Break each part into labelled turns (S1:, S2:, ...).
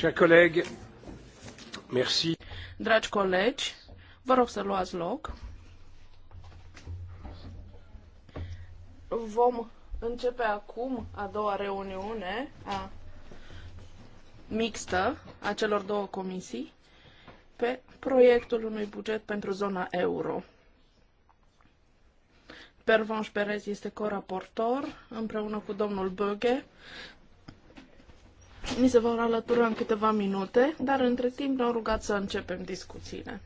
S1: Chers collègues, merci. Dragi colegi, vă rog să luați loc. Vom începe acum a doua reuniune a mixtă a celor două comisii pe proiectul unui buget pentru zona euro. Pervanș Perez este coraportor împreună cu domnul Böge. Ni se vor alătura în câteva minute, dar între timp ne-au rugat să începem discuțiile.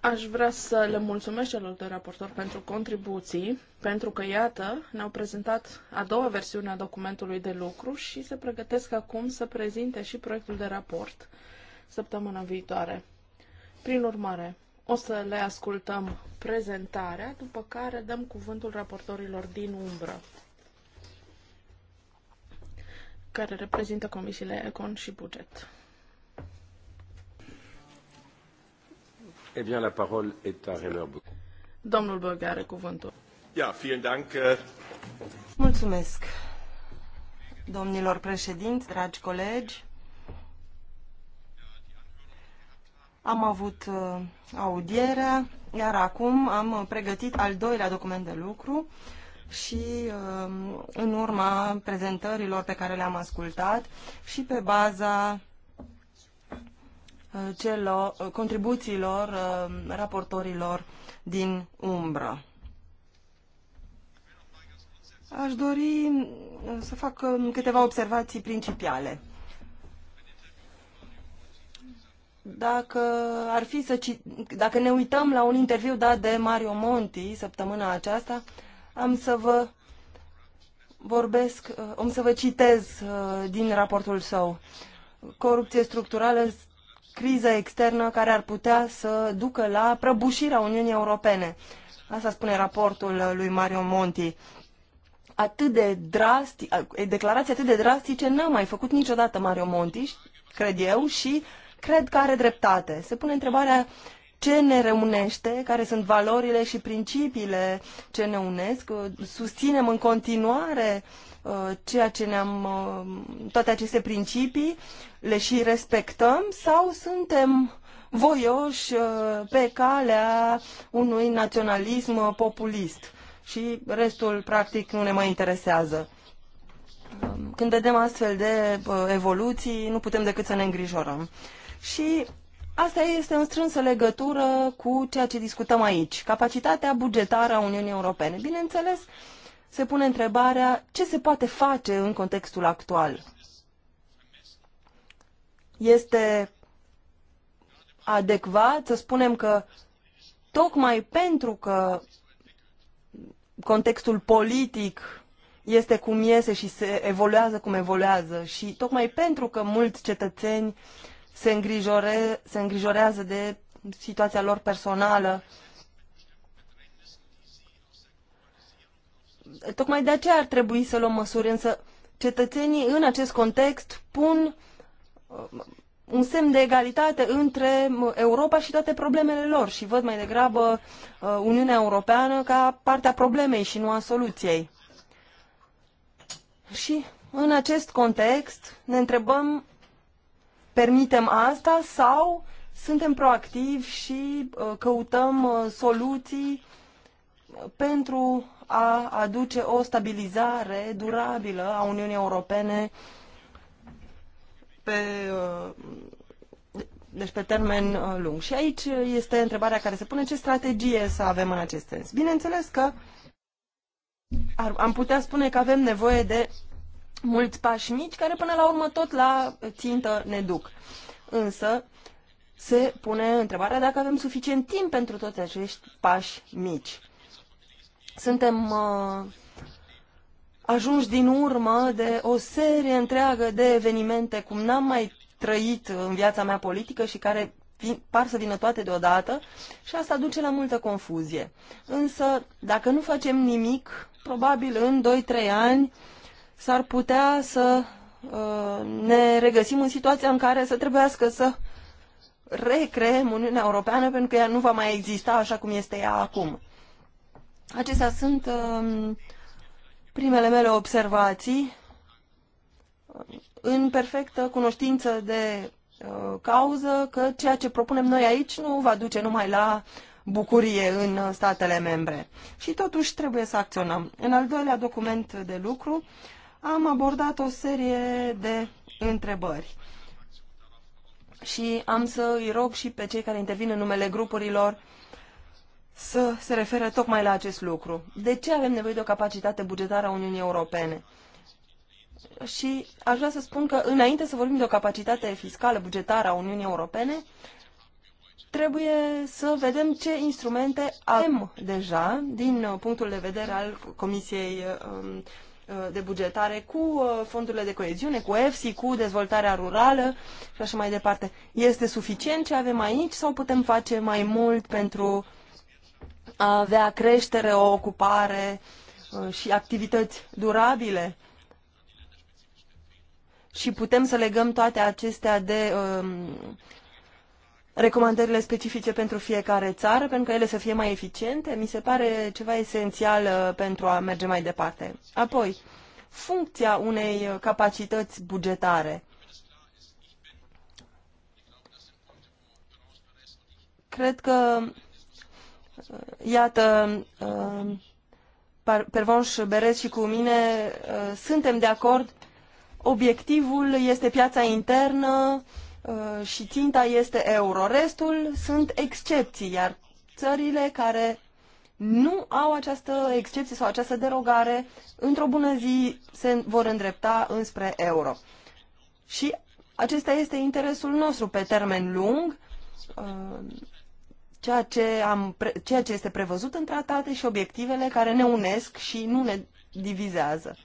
S1: Aș vrea să le mulțumesc celor de raportori pentru contribuții, pentru că, iată, ne-au prezentat a doua versiune a documentului de lucru și se pregătesc acum să prezinte și proiectul de raport săptămâna viitoare. Prin urmare, o să le ascultăm prezentarea, după care dăm cuvântul raportorilor din umbră care reprezintă comisiile Econ și Buget. Eh bien, la parole est à Reimer Böge. Domnul Böge are cuvântul. Ja, vielen Dank. Eh.
S2: Mulțumesc, domnilor președinți, dragi colegi. Am avut eh, audierea, iar acum am pregătit al doilea document de lucru și um, în urma prezentărilor pe care le-am ascultat și pe baza uh, celor, uh, contribuțiilor um, raportorilor din umbră. Aș dori uh, să fac um, câteva observații principiale. Dacă, ar fi să, dacă ne uităm la un interviu dat de Mario Monti săptămâna aceasta, am să vă vorbesc, uh, am să vă citez uh, din raportul său. Corupție structurală, criză externă care ar putea să ducă la prăbușirea Uniunii Europene. Asta spune raportul uh, lui Mario Monti. Atât de drastic, declarații atât de drastice n-a mai făcut niciodată Mario Monti, cred eu, și cred că are dreptate. Se pune întrebarea ce ne reunește, care sunt valorile și principiile ce ne unesc. Susținem în continuare uh, ceea ce ne-am, uh, toate aceste principii, le și respectăm sau suntem voioși uh, pe calea unui naționalism populist și restul practic nu ne mai interesează. Um, când vedem astfel de evoluții, nu putem decât să ne îngrijorăm. Și Asta este în strânsă legătură cu ceea ce discutăm aici, capacitatea bugetară a Uniunii Europene. Bineînțeles, se pune întrebarea ce se poate face în contextul actual. Este adecvat să spunem că tocmai pentru că contextul politic este cum iese și se evoluează cum evoluează și tocmai pentru că mulți cetățeni uh, se, îngrijore, se îngrijorează de situația lor personală. Tocmai de aceea ar trebui să luăm măsuri, însă cetățenii în acest context pun uh, un semn de egalitate între Europa și toate problemele lor și văd mai degrabă uh, Uniunea Europeană ca partea problemei și nu a soluției. Și în acest context ne întrebăm permitem asta sau suntem proactivi și uh, căutăm uh, soluții pentru a aduce o stabilizare durabilă a Uniunii Europene pe, uh, deci pe termen lung. Și aici este întrebarea care se pune, ce strategie să avem în acest sens? Bineînțeles că ar, am putea spune că avem nevoie de mulți pași mici care până la urmă tot la țintă ne duc. Însă se pune întrebarea dacă avem suficient timp pentru toți acești pași mici. Suntem uh, ajunși din urmă de o serie întreagă de evenimente cum n-am mai trăit în viața mea politică și care vin, par să vină toate deodată și asta duce la multă confuzie. Însă, dacă nu facem nimic, probabil în 2-3 ani s-ar putea să uh, ne regăsim în situația în care să trebuiască să recreăm Uniunea Europeană pentru că ea nu va mai exista așa cum este ea acum. Acestea sunt um, primele mele observații în perfectă cunoștință de uh, cauză că ceea ce propunem noi aici nu va duce numai la bucurie în statele membre. Și totuși trebuie să acționăm. În al doilea document de lucru am abordat o serie de întrebări și am să îi rog și pe cei care intervin în numele grupurilor să se referă tocmai la acest lucru. De ce avem nevoie de o capacitate bugetară a Uniunii Europene? Și aș vrea să spun că înainte să vorbim de o capacitate fiscală bugetară a Uniunii Europene, trebuie să vedem ce instrumente avem deja din punctul de vedere al Comisiei um, Uh, de bugetare cu uh, fondurile de coeziune, cu EFSI, cu dezvoltarea rurală și așa mai departe. Este suficient ce avem aici sau putem face mai mult pentru a avea creștere, o ocupare uh, și activități durabile? Și putem să legăm toate acestea de uh, recomandările specifice pentru fiecare țară, pentru că ele să fie mai eficiente, mi se pare ceva esențial uh, pentru a merge mai departe. Apoi, funcția unei capacități bugetare. Cred că, uh, iată, uh, Pervonș Berez și cu mine suntem de acord. Obiectivul este piața internă, Uh, și ținta este euro. Restul sunt excepții, iar țările care nu au această excepție sau această derogare, într-o bună zi se vor îndrepta înspre euro. Și acesta este interesul nostru pe termen lung, uh, ceea ce, am, ceea ce este prevăzut în tratate și obiectivele care ne unesc și nu ne divizează.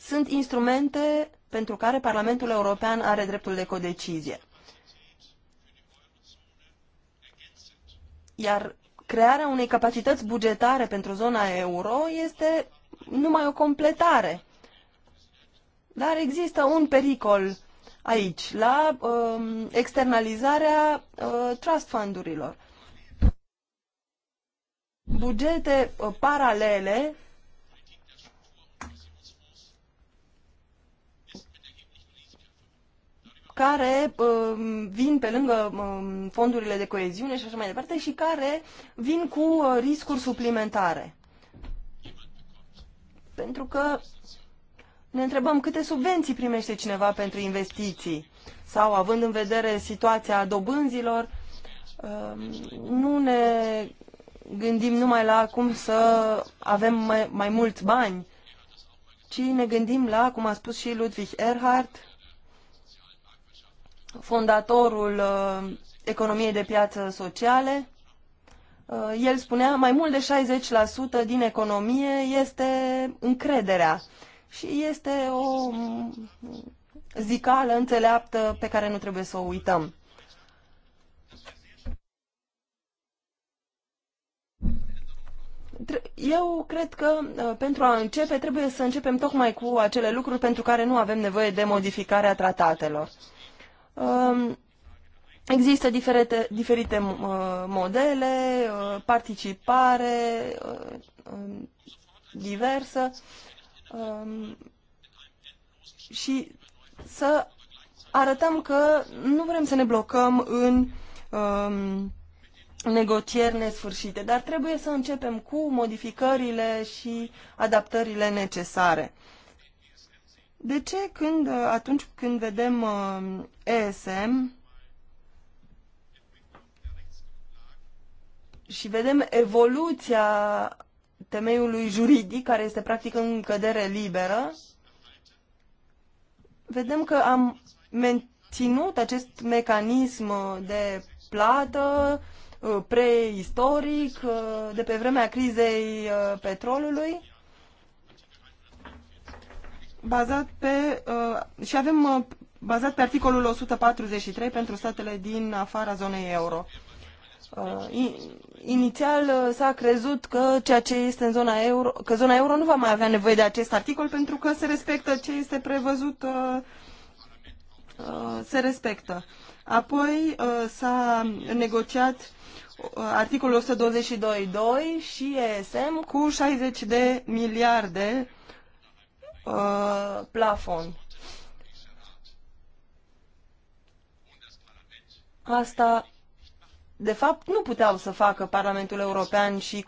S2: Sunt instrumente pentru care Parlamentul European are dreptul de codecizie. Iar crearea unei capacități bugetare pentru zona euro este numai o completare. Dar există un pericol aici, la um, externalizarea uh, trust fundurilor. Bugete uh, paralele care um, vin pe lângă um, fondurile de coeziune și așa mai departe și care vin cu uh, riscuri suplimentare. Pentru că ne întrebăm câte subvenții primește cineva pentru investiții sau având în vedere situația dobânzilor, um, nu ne gândim numai la cum să avem mai, mai mulți bani, ci ne gândim la, cum a spus și Ludwig Erhard, fondatorul uh, economiei de piață sociale, uh, el spunea mai mult de 60% din economie este încrederea și este o zicală înțeleaptă pe care nu trebuie să o uităm. Eu cred că uh, pentru a începe trebuie să începem tocmai cu acele lucruri pentru care nu avem nevoie de modificarea tratatelor. Um, există diferite, diferite uh, modele, uh, participare uh, um, diversă um, și să arătăm că nu vrem să ne blocăm în negocieri nesfârșite, dar trebuie să începem cu modificările și adaptările necesare. De ce când, uh, atunci când vedem uh, ESM și vedem evoluția temeiului juridic, care este practic în cădere liberă, vedem că am menținut acest mecanism de plată uh, preistoric, de pe vremea crizei petrolului, bazat pe, uh, și avem uh, bazat pe articolul 143 pentru statele din afara zonei euro. Uh, inițial uh, s-a crezut că ceea ce este în zona euro, că zona euro nu va mai avea nevoie de acest articol pentru că se respectă ce este prevăzut, uh, uh, se respectă. Apoi uh, s-a negociat uh, articolul 122.2 și ESM cu 60 de miliarde Uh, plafon. Asta, de fapt, nu puteau să facă Parlamentul European și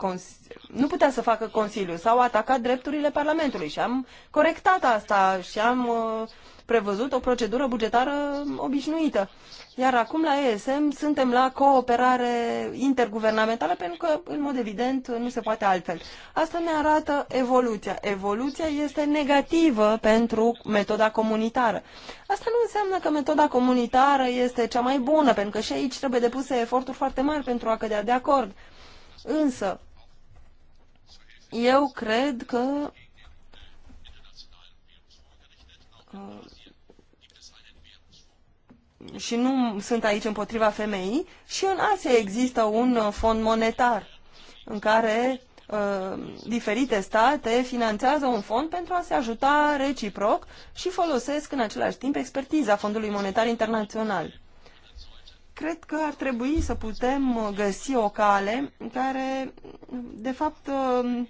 S2: nu putea să facă Consiliul. S-au atacat drepturile Parlamentului și am corectat asta și am uh, prevăzut o procedură bugetară obișnuită. Uh, iar acum la ESM suntem la cooperare interguvernamentală pentru că, în mod evident, nu se poate altfel. Asta ne arată evoluția. Evoluția este negativă pentru metoda comunitară. Asta nu înseamnă că metoda comunitară este cea mai bună, pentru că și aici trebuie depuse eforturi foarte mari pentru a cădea de acord. Însă, eu cred că și nu sunt aici împotriva femeii, și în Asia există un uh, fond monetar în care uh, diferite state finanțează un fond pentru a se ajuta reciproc și folosesc în același timp expertiza Fondului Monetar Internațional. Cred că ar trebui să putem uh, găsi o cale care, de fapt, uh,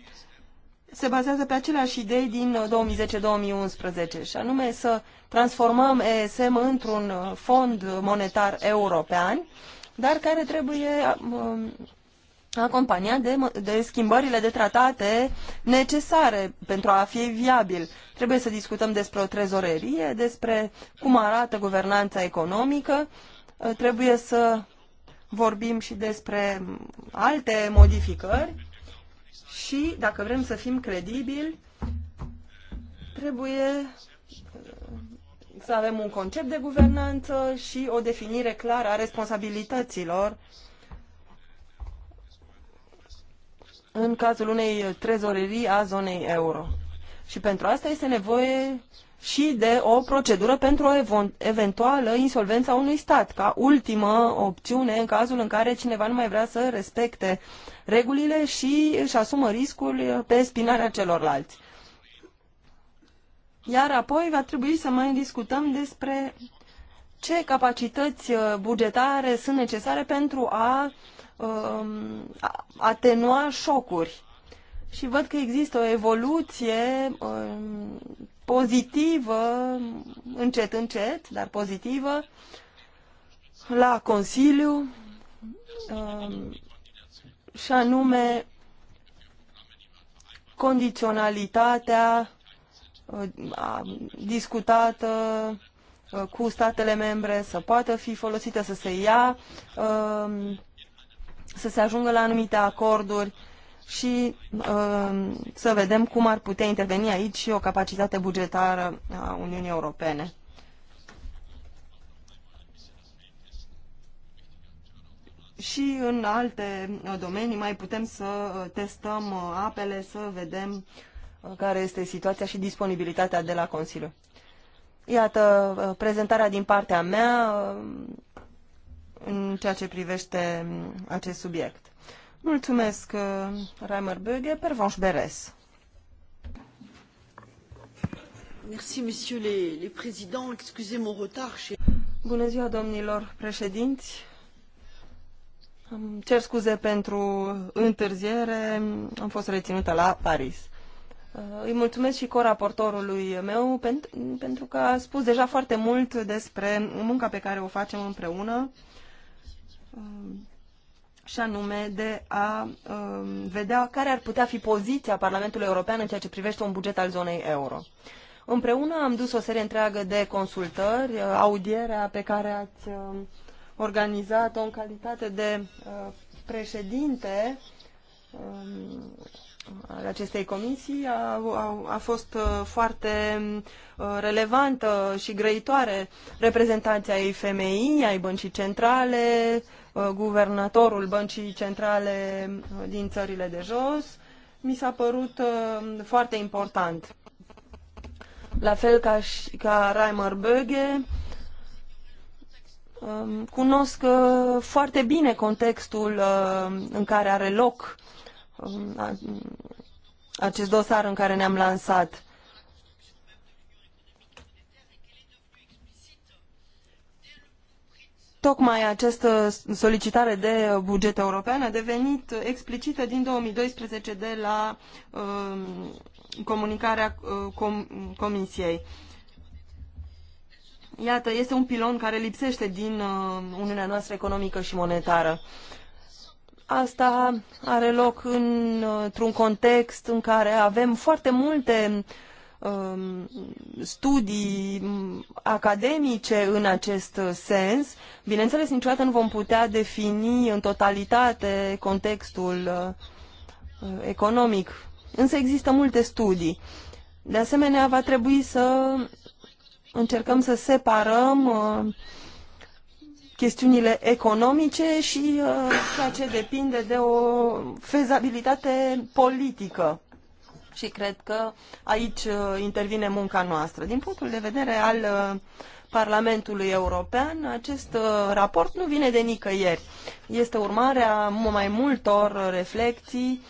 S2: se bazează pe aceleași idei din 2010-2011, uh, și anume să transformăm ESM într-un uh, fond monetar european, dar care trebuie um, acompaniat de, de schimbările de tratate necesare pentru a fi viabil. Trebuie să discutăm despre o trezorerie, despre cum arată guvernanța economică, uh, trebuie să vorbim și despre um, alte modificări și, dacă vrem să fim credibili, trebuie uh, să avem un concept de guvernanță și o definire clară a responsabilităților în cazul unei trezorerii a zonei euro. Și pentru asta este nevoie și de o procedură pentru o eventuală insolvență a unui stat, ca ultimă opțiune în cazul în care cineva nu mai vrea să respecte uh, regulile și își asumă riscul pe spinarea celorlalți. Iar apoi va trebui să mai discutăm despre ce capacități uh, bugetare sunt necesare pentru a, um, a atenua șocuri. Și văd că există o evoluție um, pozitivă, încet, încet, dar pozitivă, la Consiliu. Um, și anume condiționalitatea uh, discutată uh, cu statele membre să poată fi folosită, să se ia, uh, să se ajungă la anumite acorduri și să vedem cum ar putea interveni aici și o capacitate bugetară a Uniunii Europene. și în alte uh, domenii mai putem să uh, testăm uh, apele, să vedem care este situația și disponibilitatea de la Consiliu. Iată prezentarea din partea mea în ceea ce privește mm, acest subiect. Mulțumesc, Reimer Böge, Pervanș Beres. Merci, monsieur le, le président. Excusez mon retard. Bună ziua, domnilor președinți cer scuze pentru întârziere, am fost reținută la Paris. Uh, îi mulțumesc și coraportorului meu pentru că a spus deja foarte mult despre munca pe care o facem împreună um, și anume de a um, vedea care ar putea fi poziția Parlamentului European în ceea ce privește un buget al zonei euro. Împreună am dus o serie întreagă de consultări, uh, audierea pe care ați um, organizat-o în calitate de uh, președinte um, al acestei comisii a, a, a fost uh, foarte uh, relevantă și grăitoare. Reprezentanția ei FMI, ai băncii centrale, guvernatorul băncii centrale din țările de jos, mi s-a părut foarte important. La fel ca, și, ca Reimer Böge, Um, cunosc uh, foarte bine contextul uh, în care are loc um, acest dosar în care ne-am lansat. Tocmai această solicitare de buget european a devenit explicită din 2012 de la um, comunicarea uh, com Comisiei. Iată, este un pilon care lipsește din uh, Uniunea noastră economică și monetară. Asta are loc într-un context în care avem foarte multe um, studii academice în acest uh, sens. Bineînțeles, niciodată nu vom putea defini în totalitate contextul uh, economic, însă există multe studii. De asemenea, va trebui să încercăm să separăm uh, chestiunile economice și uh, ceea ce depinde de o fezabilitate politică. Și cred că aici uh, intervine munca noastră. Din punctul de vedere al Parlamentului European, acest raport nu vine de nicăieri. Este urmarea mai multor reflecții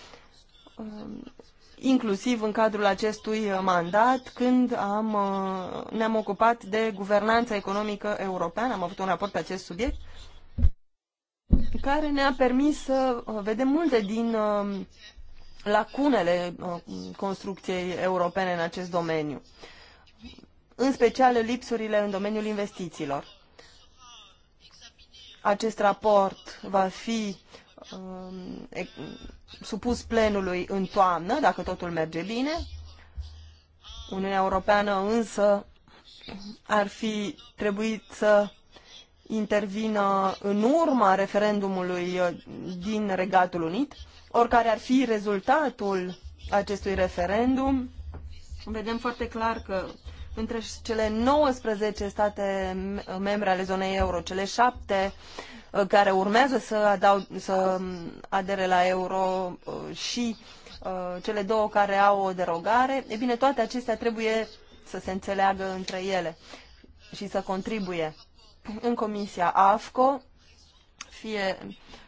S2: inclusiv în cadrul acestui mandat, când am, uh, ne-am ocupat de guvernanța economică europeană, am avut un raport pe acest subiect, care ne-a permis să uh, vedem multe din uh, lacunele construcției europene în acest domeniu, în special lipsurile în domeniul investițiilor. Acest raport va fi um, supus plenului în toamnă, dacă totul merge bine. Uniunea Europeană însă ar fi trebuit să intervină în urma referendumului din Regatul Unit, oricare ar fi rezultatul acestui referendum. Vedem foarte clar că între cele 19 state membre ale zonei euro, cele șapte Uh, care urmează să, adau, să um, adere la euro uh, și uh, cele două care au o derogare, e bine, toate acestea trebuie să se înțeleagă între ele și să contribuie. În comisia AFCO, fie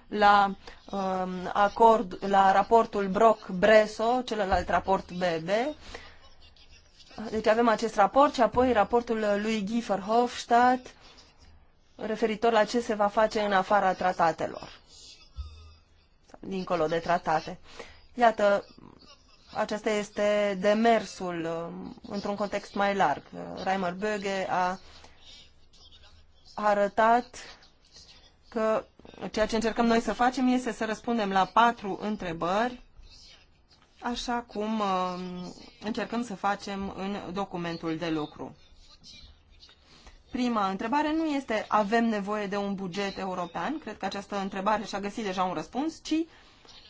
S2: la, um, acord, la raportul Brock-Breso, celălalt raport BB. Deci avem acest raport și apoi raportul lui Guy referitor la ce se va face în afara tratatelor, dincolo de tratate. Iată, acesta este demersul um, într-un context mai larg. Reimer Böge a arătat că ceea ce încercăm noi să facem este să răspundem la patru întrebări, așa cum um, încercăm să facem în documentul de lucru. Prima întrebare nu este avem nevoie de un buget european, cred că această întrebare și-a găsit deja un răspuns, ci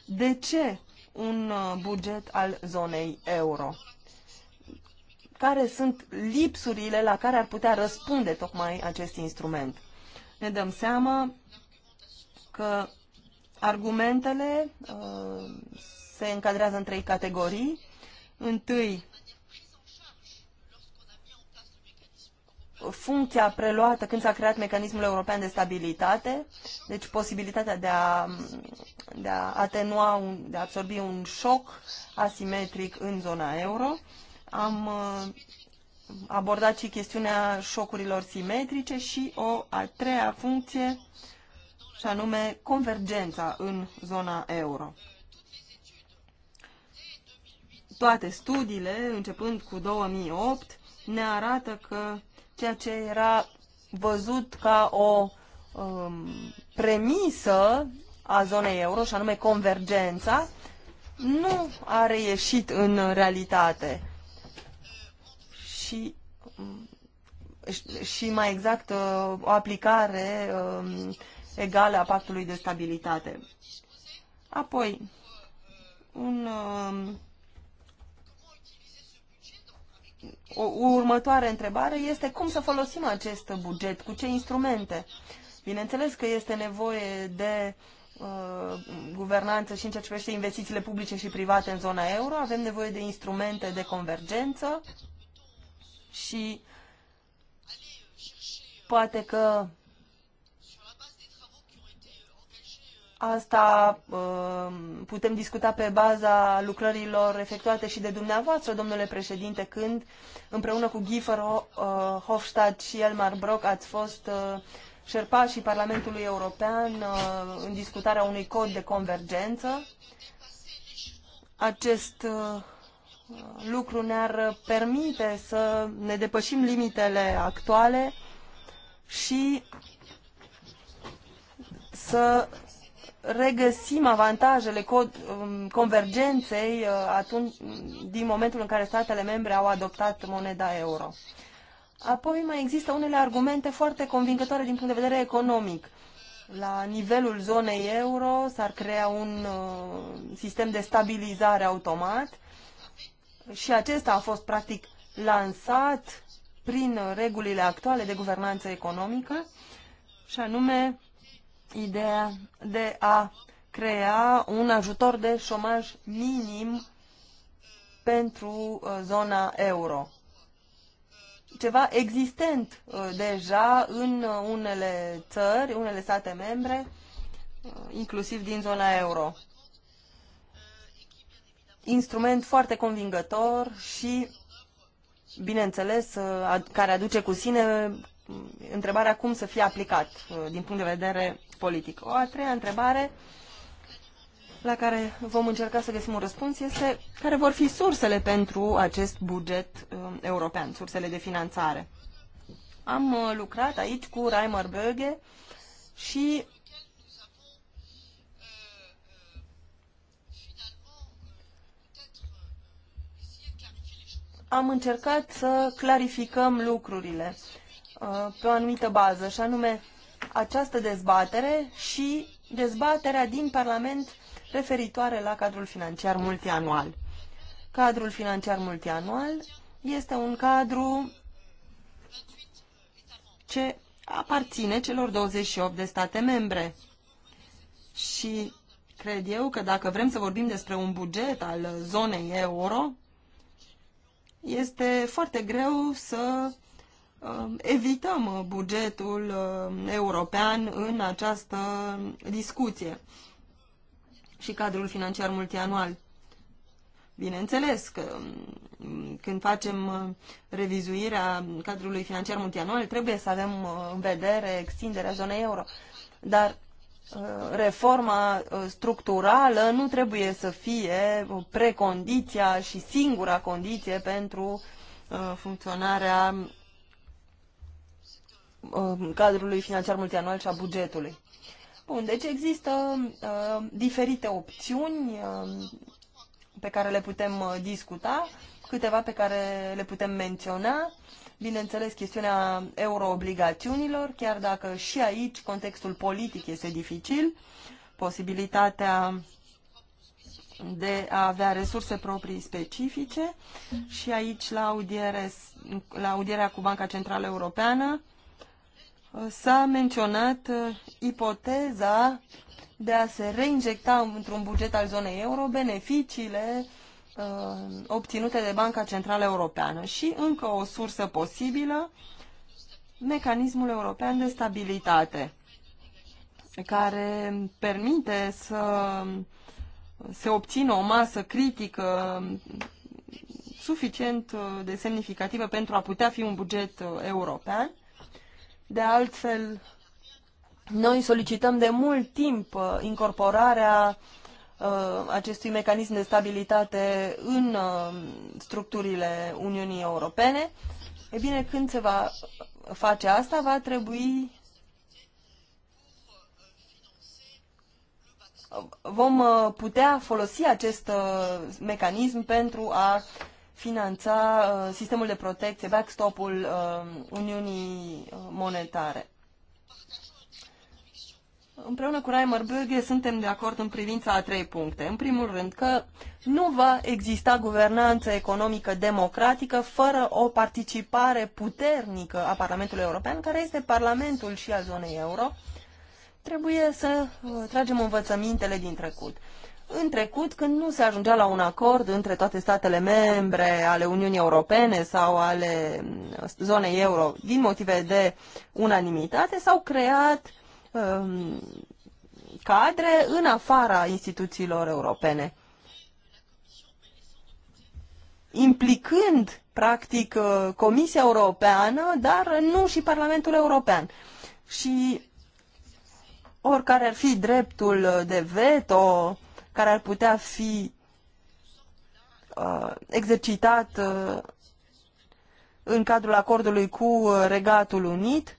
S2: de ce un uh, buget al zonei euro? Care sunt lipsurile la care ar putea răspunde tocmai acest instrument? Ne dăm seama că argumentele uh, se încadrează în trei categorii. Întâi, funcția preluată când s-a creat mecanismul european de stabilitate, deci posibilitatea de a, de a atenua, un, de a absorbi un șoc asimetric în zona euro. Am uh, abordat și chestiunea șocurilor simetrice și o a treia funcție, și anume convergența în zona euro. Toate studiile, începând cu 2008, ne arată că ceea ce era văzut ca o um, premisă a zonei euro, și anume convergența, nu a reieșit în realitate. Și, um, și mai exact, uh, o aplicare um, egală a pactului de stabilitate. Apoi, un um, o următoare întrebare este cum să folosim acest buget, cu ce instrumente. Bineînțeles că este nevoie de uh, guvernanță și în ceea ce privește investițiile publice și private în zona euro, avem nevoie de instrumente de convergență și poate că Asta uh, putem discuta pe baza lucrărilor efectuate și de dumneavoastră, domnule președinte, când împreună cu Giefer uh, Hofstadt și Elmar Brock ați fost uh, șerpașii Parlamentului European în discutarea unui cod de convergență. Acest lucru ne-ar permite să ne depășim limitele actuale și să regăsim avantajele um, convergenței uh, atunci, din momentul în care statele membre au adoptat moneda euro. Apoi mai există unele argumente foarte convingătoare din punct de vedere economic. La nivelul zonei euro s-ar crea un uh, sistem de stabilizare automat și acesta a fost practic lansat prin regulile actuale de guvernanță economică și anume ideea de a crea un ajutor de șomaj minim pentru uh, zona euro. Ceva existent uh, deja în uh, unele țări, unele state membre, inclusiv din zona euro. Instrument foarte convingător și, bineînțeles, care aduce cu sine întrebarea cum să fie aplicat din punct de vedere politic. O a treia întrebare la care vom încerca să găsim un răspuns este care vor fi sursele pentru acest buget uh, european, sursele de finanțare. Am uh, lucrat aici cu Reimer Böge și am încercat să clarificăm lucrurile uh, pe o anumită bază, și anume această dezbatere și dezbaterea din Parlament referitoare la cadrul financiar multianual. Cadrul financiar multianual este un cadru ce aparține celor 28 de state membre. Și cred eu că dacă vrem să vorbim despre un buget al zonei euro, este foarte greu să Um, evităm uh, bugetul um, european în această discuție și cadrul financiar multianual. Bineînțeles că um, când facem uh, revizuirea cadrului financiar multianual trebuie să avem uh, în vedere extinderea zonei euro, dar reforma structurală nu trebuie să fie precondiția și singura condiție pentru funcționarea Um, cadrului financiar multianual și a bugetului. Bun, deci există uh, diferite opțiuni uh, pe care le putem uh, discuta, câteva pe care le putem menționa. Bineînțeles, chestiunea euroobligațiunilor, chiar dacă și aici contextul politic este dificil, posibilitatea de a avea resurse proprii specifice și aici la, audiere, la audierea cu Banca Centrală Europeană s-a menționat uh, ipoteza de a se reinjecta într-un buget al zonei euro beneficiile uh, obținute de Banca Centrală Europeană și încă o sursă posibilă, mecanismul european de stabilitate, care permite să se obțină o masă critică suficient uh, de semnificativă pentru a putea fi un buget uh, european de altfel, noi solicităm de mult timp uh, incorporarea uh, acestui mecanism de stabilitate în uh, structurile Uniunii Europene. E bine, când se va face asta, va trebui vom putea folosi acest mecanism pentru a finanța uh, sistemul de protecție, backstop-ul uh, Uniunii Monetare. Împreună cu Reimer Böge suntem de acord în privința a trei puncte. În primul rând că nu va exista guvernanță economică democratică fără o participare puternică a Parlamentului European, care este Parlamentul și al zonei euro. Trebuie să uh, tragem învățămintele din trecut în trecut, când nu se ajungea la un acord între toate statele membre ale Uniunii Europene sau ale mm, zonei euro din motive de unanimitate, s-au creat um, cadre în afara instituțiilor europene, implicând, practic, uh, Comisia Europeană, dar nu și Parlamentul European. Și oricare ar fi dreptul de veto care ar putea fi uh, exercitat uh, în cadrul acordului cu uh, Regatul Unit,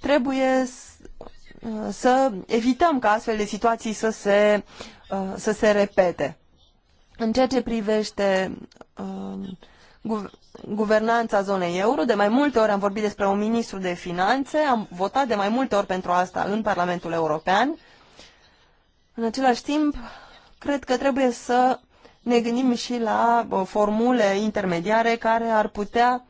S2: trebuie uh, să evităm ca astfel de situații să se, uh, să se repete. În ceea ce privește guvernanța zonei euro, de mai multe ori am vorbit despre un ministru de finanțe, am votat de mai multe ori pentru asta în Parlamentul European. În același timp, cred că trebuie să ne gândim și la formule intermediare care ar putea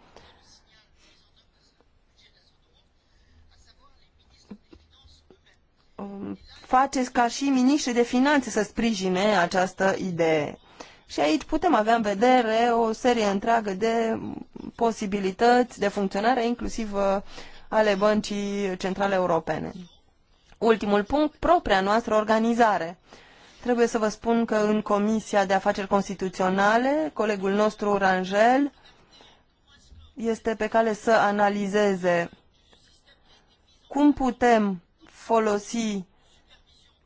S2: faceți ca și miniștri de finanțe să sprijine această idee. Și aici putem avea în vedere o serie întreagă de posibilități de funcționare, inclusiv uh, ale Băncii Centrale Europene. Ultimul punct, propria noastră organizare. Trebuie să vă spun că în Comisia de Afaceri Constituționale, colegul nostru, Rangel, este pe cale să analizeze cum putem folosi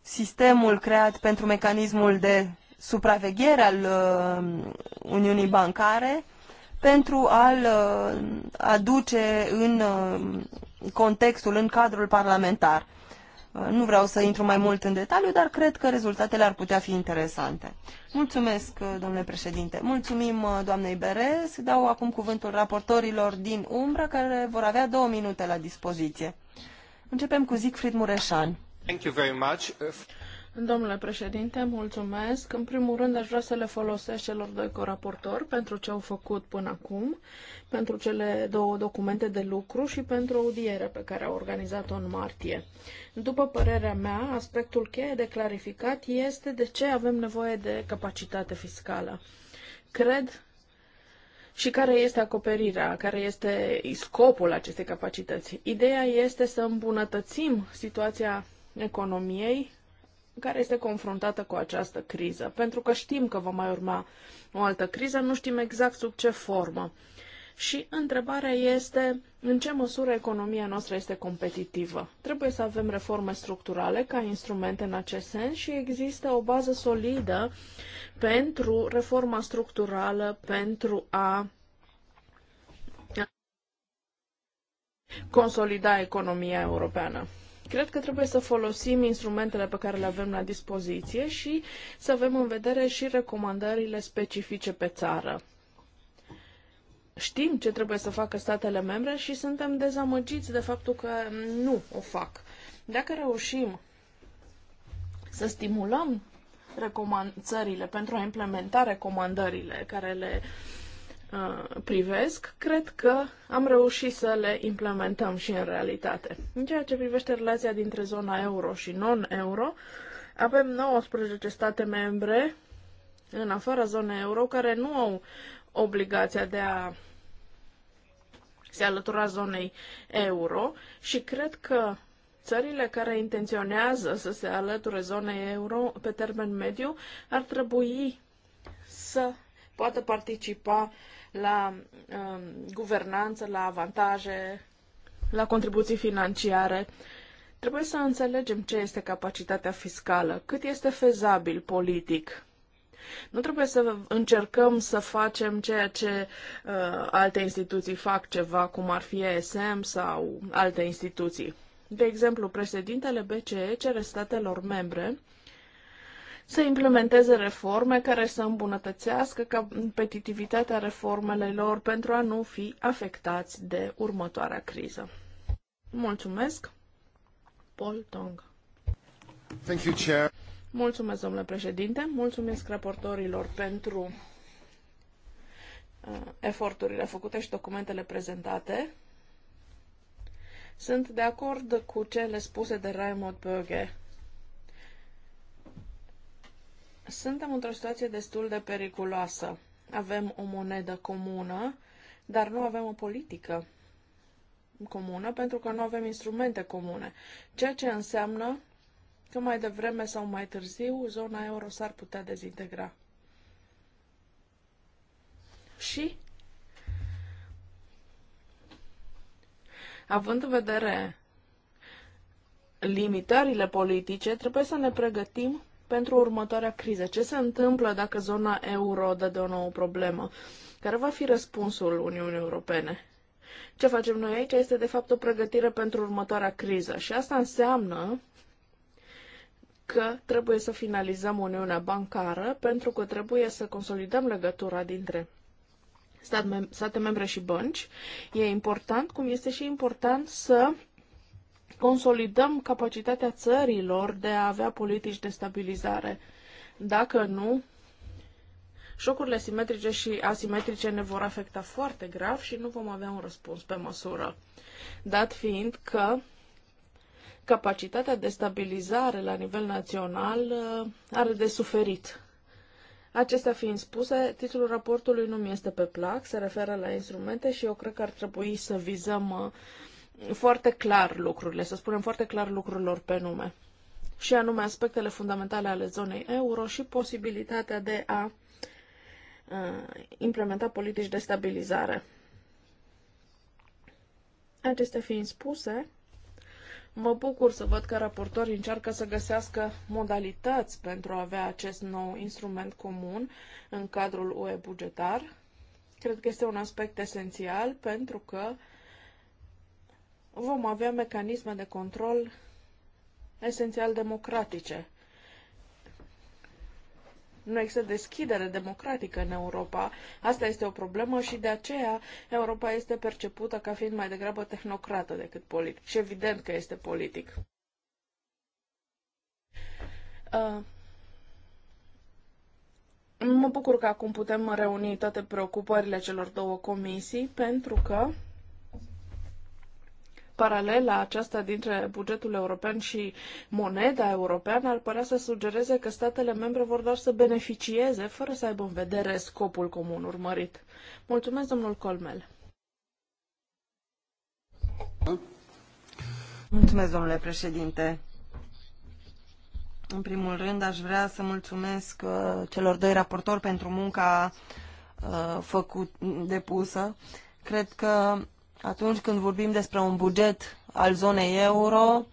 S2: sistemul creat pentru mecanismul de supraveghere al uh, Uniunii Bancare pentru a-l uh, aduce în uh, contextul, în cadrul parlamentar. Uh, nu vreau să intru mai mult în detaliu, dar cred că rezultatele ar putea fi interesante. Mulțumesc, uh, domnule președinte. Mulțumim, uh, doamnei Berez. Dau acum cuvântul raportorilor din umbră, care vor avea două minute la dispoziție.
S1: Începem cu Siegfried Mureșan.
S3: Thank you very much.
S1: Domnule președinte, mulțumesc. În primul rând, aș vrea să le folosesc celor doi coraportori pentru ce au făcut până acum, pentru cele două documente de lucru și pentru audierea pe care au organizat-o în martie. După părerea mea, aspectul cheie de clarificat este de ce avem nevoie de capacitate fiscală. Cred și care este acoperirea, care este scopul acestei capacități. Ideea este să îmbunătățim situația economiei care este confruntată cu această criză, pentru că știm că va mai urma o altă criză, nu știm exact sub ce formă. Și întrebarea este în ce măsură economia noastră este competitivă. Trebuie să avem reforme structurale ca instrumente în acest sens și există o bază solidă pentru reforma structurală, pentru a consolida economia europeană. Cred că trebuie să folosim instrumentele pe care le avem la dispoziție și să avem în vedere și recomandările specifice pe țară. Știm ce trebuie să facă statele membre și suntem dezamăgiți de faptul că nu o fac. Dacă reușim să stimulăm recomandările țările pentru a implementa recomandările care le uh, Uh, privesc, cred că am reușit să le implementăm și în realitate. În ceea ce privește relația dintre zona euro și non-euro, avem 19 state membre în afara zonei euro care nu au obligația de a se alătura zonei euro și cred că țările care intenționează să se alăture zonei euro pe termen mediu ar trebui să poată participa uh, la uh, guvernanță, la avantaje, la contribuții financiare. Trebuie să înțelegem ce este capacitatea fiscală, cât este fezabil politic. Nu trebuie să încercăm să facem ceea ce uh, alte instituții fac ceva, cum ar fi ESM sau alte instituții. De exemplu, președintele BCE cere statelor membre să implementeze reforme care să îmbunătățească competitivitatea reformelor pentru a nu fi afectați de următoarea criză. Mulțumesc, Paul Tong.
S3: Thank you, Chair.
S1: Mulțumesc, domnule președinte. Mulțumesc raportorilor pentru uh, eforturile făcute și documentele prezentate. Sunt de acord cu cele spuse de Raymond Böge Suntem într-o situație destul de periculoasă. Avem o monedă comună, dar nu avem o politică comună pentru că nu avem instrumente comune, ceea ce înseamnă că mai devreme sau mai târziu zona euro s-ar putea dezintegra. Și având în vedere limitările politice, trebuie să ne pregătim pentru următoarea criză. Ce se întâmplă dacă zona euro dă de o nouă problemă? Care va fi răspunsul Uniunii Europene? Ce facem noi aici este, de fapt, o pregătire pentru următoarea criză. Și asta înseamnă că trebuie să finalizăm Uniunea Bancară pentru că trebuie să consolidăm legătura dintre stat mem- state membre și bănci. E important, cum este și important să consolidăm capacitatea țărilor de a avea politici de stabilizare. Dacă nu, șocurile simetrice și asimetrice ne vor afecta foarte grav și nu vom avea un răspuns pe măsură. Dat fiind că capacitatea de stabilizare la nivel național uh, are de suferit. Acestea fiind spuse, titlul raportului nu mi este pe plac, se referă la instrumente și eu cred că ar trebui să vizăm uh, foarte clar lucrurile, să spunem foarte clar lucrurilor pe nume. Și anume aspectele fundamentale ale zonei euro și posibilitatea de a uh, implementa politici de stabilizare. Acestea fiind spuse, mă bucur să văd că raportorii încearcă să găsească modalități pentru a avea acest nou instrument comun în cadrul UE bugetar. Cred că este un aspect esențial pentru că uh, vom avea mecanisme de control esențial democratice. Nu există deschidere democratică în Europa. Asta este o problemă și de aceea Europa este percepută ca fiind mai degrabă tehnocrată decât politic. Și evident că este politic. Uh. Mă bucur că acum putem reuni toate preocupările celor două comisii, pentru că Paralela aceasta dintre bugetul european și moneda europeană ar părea să sugereze că statele membre vor doar să beneficieze fără să aibă în vedere scopul comun urmărit. Mulțumesc, domnul Colmel.
S2: Mulțumesc, domnule președinte. În primul rând, aș vrea să mulțumesc uh, celor doi raportori pentru munca uh, făcut, depusă. Cred că atunci când vorbim despre un buget al zonei euro,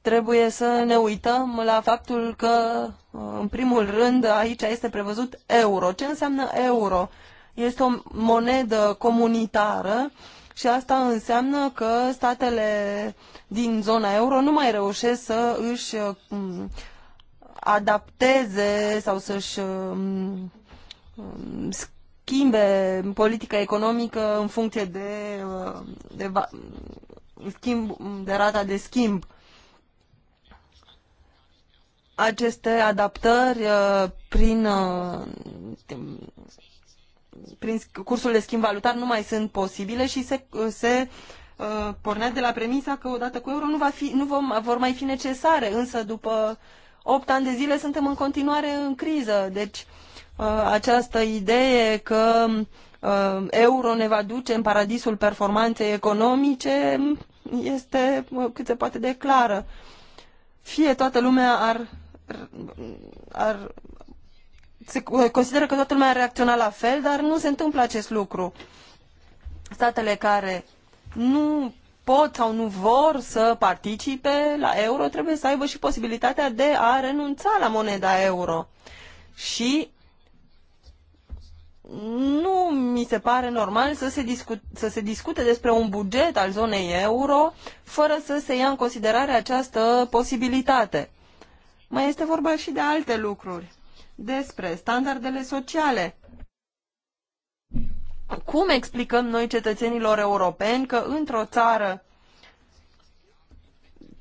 S2: trebuie să ne uităm la faptul că, în primul rând, aici este prevăzut euro. Ce înseamnă euro? Este o monedă comunitară și asta înseamnă că statele din zona euro nu mai reușesc să își mm, adapteze sau să-și mm, schimbe politica economică în funcție de, uh, de, schimb, de rata de schimb. Aceste adaptări uh, prin, uh, prin cursul de schimb valutar nu mai sunt posibile și se, se pornea de la premisa că odată cu euro nu, va fi, nu vom, vor mai fi necesare, însă după 8 ani de zile suntem în continuare în criză, deci uh, Uh, această idee că uh, euro ne va duce în paradisul performanței economice este uh, cât se poate de clară. Fie toată lumea ar, ar se consideră că toată lumea ar reacționa la fel, dar nu se întâmplă acest lucru. Statele care nu pot sau nu vor să participe la euro trebuie să aibă și posibilitatea de a renunța la moneda euro. Și nu mi se pare normal să se, discu- să se discute despre un buget al zonei euro fără să se ia în considerare această posibilitate. Mai este vorba și de alte lucruri, despre standardele sociale. Cum explicăm noi cetățenilor europeni că într-o țară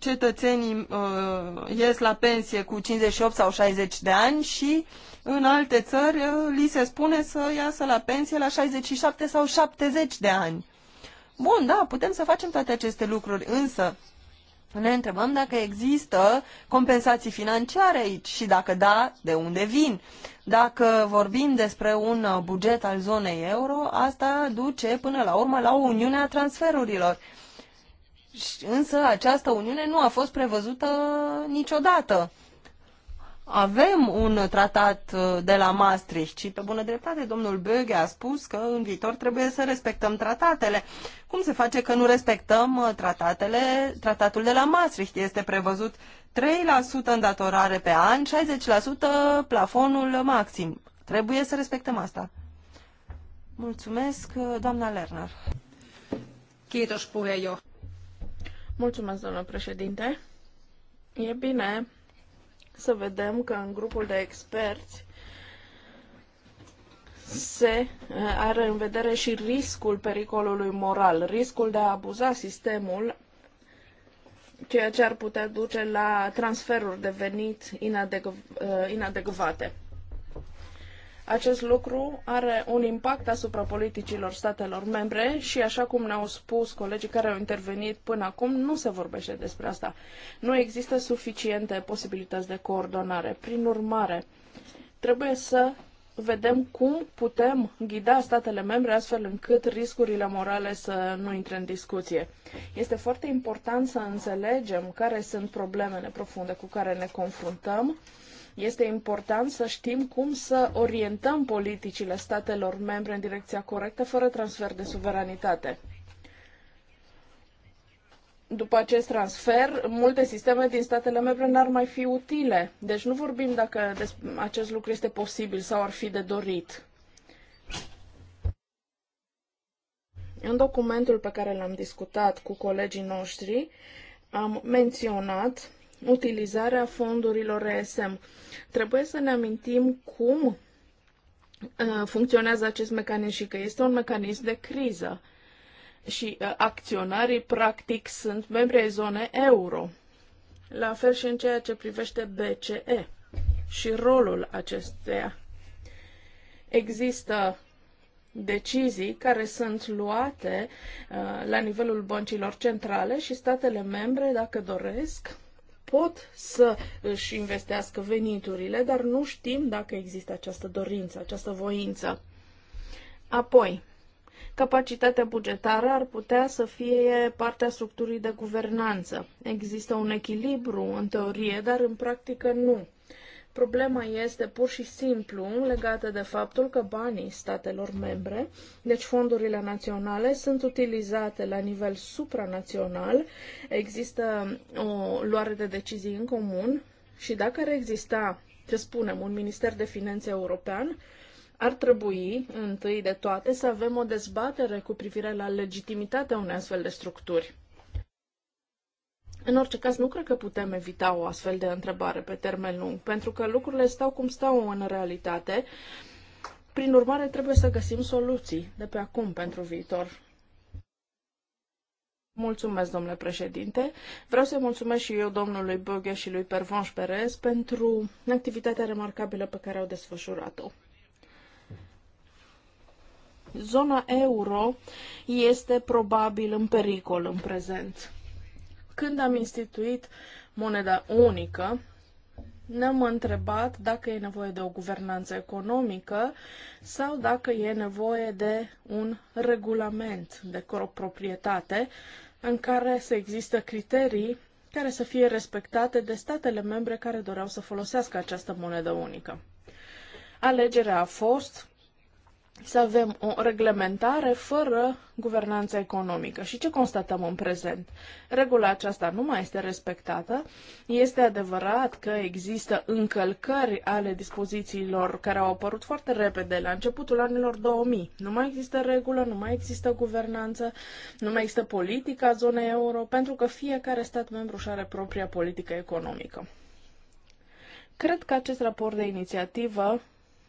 S2: cetățenii uh, ies la pensie cu 58 sau 60 de ani și în alte țări uh, li se spune să iasă la pensie la 67 sau 70 de ani. Bun, da, putem să facem toate aceste lucruri, însă ne întrebăm dacă există compensații financiare aici și dacă da, de unde vin. Dacă vorbim despre un uh, buget al zonei euro, asta duce până la urmă la o uniune a transferurilor. Uh, Însă această uniune nu a fost prevăzută niciodată. Avem un tratat uh, de la Maastricht și pe bună dreptate domnul Böge a spus că în viitor trebuie să respectăm tratatele. Cum se face că nu respectăm uh, tratatele? Tratatul de la Maastricht este prevăzut 3% îndatorare pe an, 60% plafonul maxim. Trebuie să respectăm asta.
S1: Mulțumesc, uh, doamna Lerner. Kiitos puheenjohtaja. Mulțumesc, domnule președinte. E bine să vedem că în grupul de experți se are în vedere și riscul pericolului moral, riscul de a abuza sistemul, ceea ce ar putea duce la transferuri de venit inadecv- inadecvate. Acest lucru are un impact asupra politicilor statelor membre și, așa cum ne-au spus colegii care au intervenit până acum, nu se vorbește despre asta. Nu există suficiente posibilități de coordonare. Prin urmare, trebuie să vedem cum putem ghida statele membre astfel încât riscurile morale să nu intre în discuție. Este foarte important să înțelegem care sunt problemele profunde cu care ne confruntăm. Este important să știm cum să orientăm politicile statelor membre în direcția corectă fără transfer de suveranitate după acest transfer, multe sisteme din statele membre n-ar mai fi utile. Deci nu vorbim dacă acest lucru este posibil sau ar fi de dorit. În documentul pe care l-am discutat cu colegii noștri, am menționat utilizarea fondurilor ESM. Trebuie să ne amintim cum uh, funcționează acest mecanism și că este un mecanism de criză și uh, acționarii practic sunt membri ai zonei euro. La fel și în ceea ce privește BCE și rolul acesteia. Există decizii care sunt luate uh, la nivelul băncilor centrale și statele membre, dacă doresc, pot să își investească veniturile, dar nu știm dacă există această dorință, această voință. Apoi, Capacitatea bugetară ar putea să fie partea structurii de guvernanță. Există un echilibru în teorie, dar în practică nu. Problema este pur și simplu legată de faptul că banii statelor membre, deci fondurile naționale, sunt utilizate la nivel supranațional, există o luare de decizii în comun și dacă ar exista, să spunem, un Minister de Finanțe European, ar trebui, întâi de toate, să avem o dezbatere cu privire la legitimitatea unei astfel de structuri. În orice caz, nu cred că putem evita o astfel de întrebare pe termen lung, pentru că lucrurile stau cum stau în realitate. Prin urmare, trebuie să găsim soluții de pe acum pentru viitor. Mulțumesc, domnule președinte. Vreau să mulțumesc și eu domnului Boghe și lui Pervonș Perez pentru activitatea remarcabilă pe care au desfășurat-o. Zona euro este probabil în pericol în prezent. Când am instituit moneda unică, ne-am întrebat dacă e nevoie de o guvernanță economică sau dacă e nevoie de un regulament de proprietate în care să există criterii care să fie respectate de statele membre care doreau să folosească această monedă unică. Alegerea a fost să avem o reglementare fără guvernanță economică. Și ce constatăm în prezent? Regula aceasta nu mai este respectată. Este adevărat că există încălcări ale dispozițiilor care au apărut foarte repede la începutul anilor 2000. Nu mai există regulă, nu mai există guvernanță, nu mai există politica zonei euro, pentru că fiecare stat membru și are propria politică economică. Cred că acest raport de inițiativă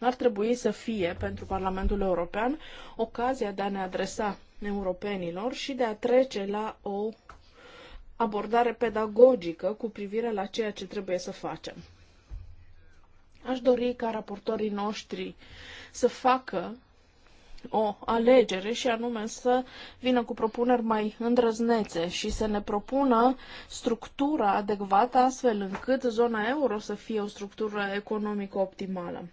S1: ar trebui să fie pentru Parlamentul European ocazia de a ne adresa europenilor și de a trece la o abordare pedagogică cu privire la ceea ce trebuie să facem. Aș dori ca raportorii noștri să facă o alegere și anume să vină cu propuneri mai îndrăznețe și să ne propună structura adecvată astfel încât zona euro să fie o structură economică optimală.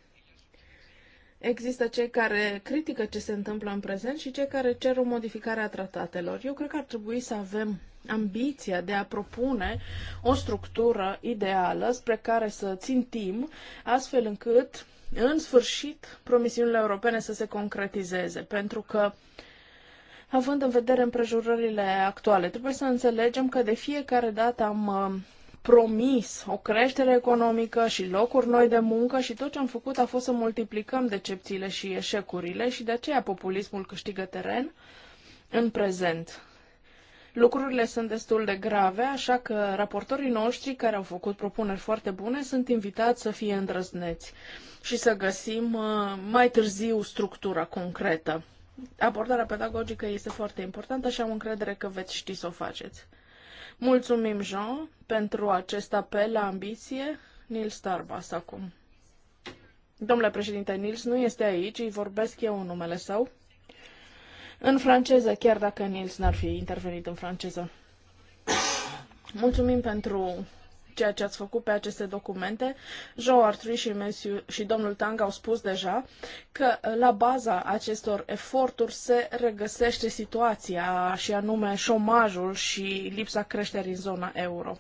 S1: Există cei care critică ce se întâmplă în prezent și cei care cer o modificare a tratatelor. Eu cred că ar trebui să avem ambiția de a propune o structură ideală spre care să țintim, astfel încât, în sfârșit, promisiunile europene să se concretizeze. Pentru că având în vedere împrejurările actuale. Trebuie să înțelegem că de fiecare dată am uh, promis o creștere economică și locuri noi de muncă și tot ce am făcut a fost să multiplicăm decepțiile și eșecurile și de aceea populismul câștigă teren în prezent. Lucrurile sunt destul de grave, așa că raportorii noștri care au făcut propuneri foarte bune sunt invitați să fie îndrăzneți și să găsim uh, mai târziu structura concretă. Abordarea pedagogică este foarte importantă și am încredere că veți ști să o faceți. Mulțumim, Jean, pentru acest apel la ambiție. Nils Tarbas acum. Domnule președinte, Nils nu este aici, îi vorbesc eu în numele său. În franceză, chiar dacă Nils n-ar fi intervenit în franceză. Mulțumim pentru ceea ce ați făcut pe aceste documente. Joe Artrui și, Messiu, și domnul Tang au spus deja că uh, la baza acestor eforturi se regăsește situația și anume șomajul și lipsa creșterii în zona euro.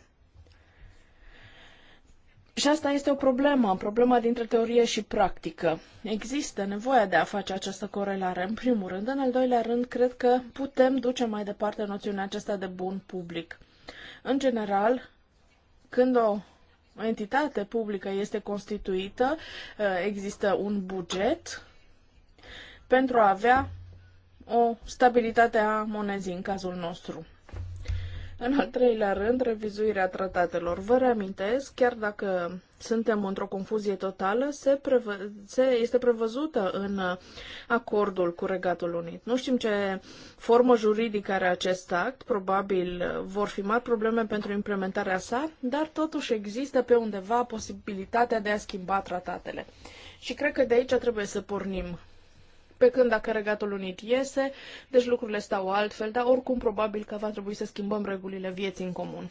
S1: Și asta este o problemă, problema dintre teorie și practică. Există nevoia de a face această corelare, în primul rând. În al doilea rând, cred că putem duce mai departe noțiunea aceasta de bun public. În general, când o entitate publică este constituită, uh, există un buget pentru a avea o stabilitate a monezii în cazul nostru. În al treilea rând, revizuirea tratatelor. Vă reamintesc, chiar dacă suntem într-o confuzie totală, se prevă- se, este prevăzută în acordul cu Regatul Unit. Nu știm ce formă juridică are acest act, probabil vor fi mari probleme pentru implementarea sa, dar totuși există pe undeva posibilitatea de a schimba tratatele. Și cred că de aici trebuie să pornim pe când dacă Regatul Unit iese, deci lucrurile stau altfel, dar oricum probabil că va trebui să schimbăm regulile vieții în comun.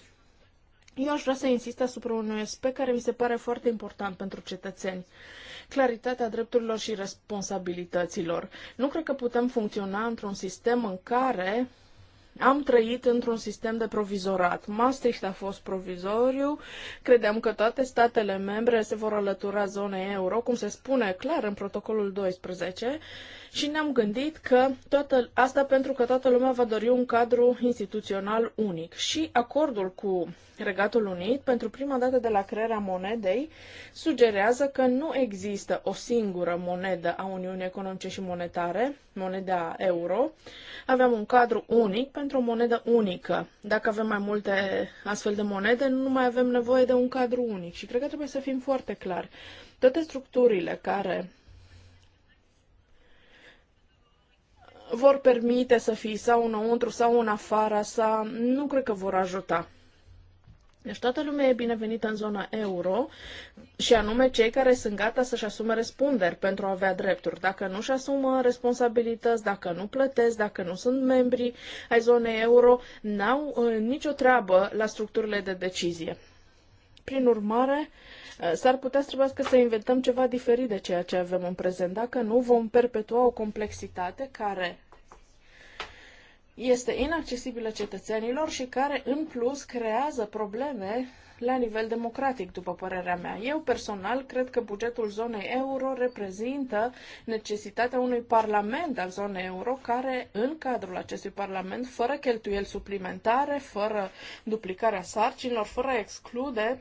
S1: Eu aș vrea să insist asupra unui aspect care mi se pare foarte important pentru cetățeni. Claritatea drepturilor și responsabilităților. Nu cred că putem funcționa într-un sistem în care am trăit într-un sistem de provizorat. Maastricht a fost provizoriu, credeam că toate statele membre se vor alătura zonei euro, cum se spune clar în protocolul 12, și ne-am gândit că toată, asta pentru că toată lumea va dori un cadru instituțional unic. Și acordul cu Regatul Unit, pentru prima dată de la crearea monedei, sugerează că nu există o singură monedă a Uniunii Economice și Monetare, moneda euro. Avem un cadru unic pentru o monedă unică. Dacă avem mai multe astfel de monede, nu mai avem nevoie de un cadru unic. Și cred că trebuie să fim foarte clari. Toate structurile care vor permite să fii sau înăuntru sau în afara sa, nu cred că vor ajuta. Deci toată lumea e binevenită în zona euro și anume cei care sunt gata să-și asume răspunderi pentru a avea drepturi. Dacă nu-și asumă responsabilități, dacă nu plătesc, dacă nu sunt membri ai zonei euro, n-au uh, nicio treabă la structurile de decizie. Prin urmare, uh, Eh, s-ar putea să trebuiască să inventăm ceva diferit de ceea ce avem în prezent. Dacă nu, vom perpetua o complexitate care este inaccesibilă cetățenilor și care, în plus, creează probleme la nivel democratic, după părerea mea. Eu personal cred că bugetul zonei euro reprezintă necesitatea unui parlament al zonei euro care, în cadrul acestui parlament, fără cheltuieli suplimentare, fără duplicarea sarcinilor, fără a exclude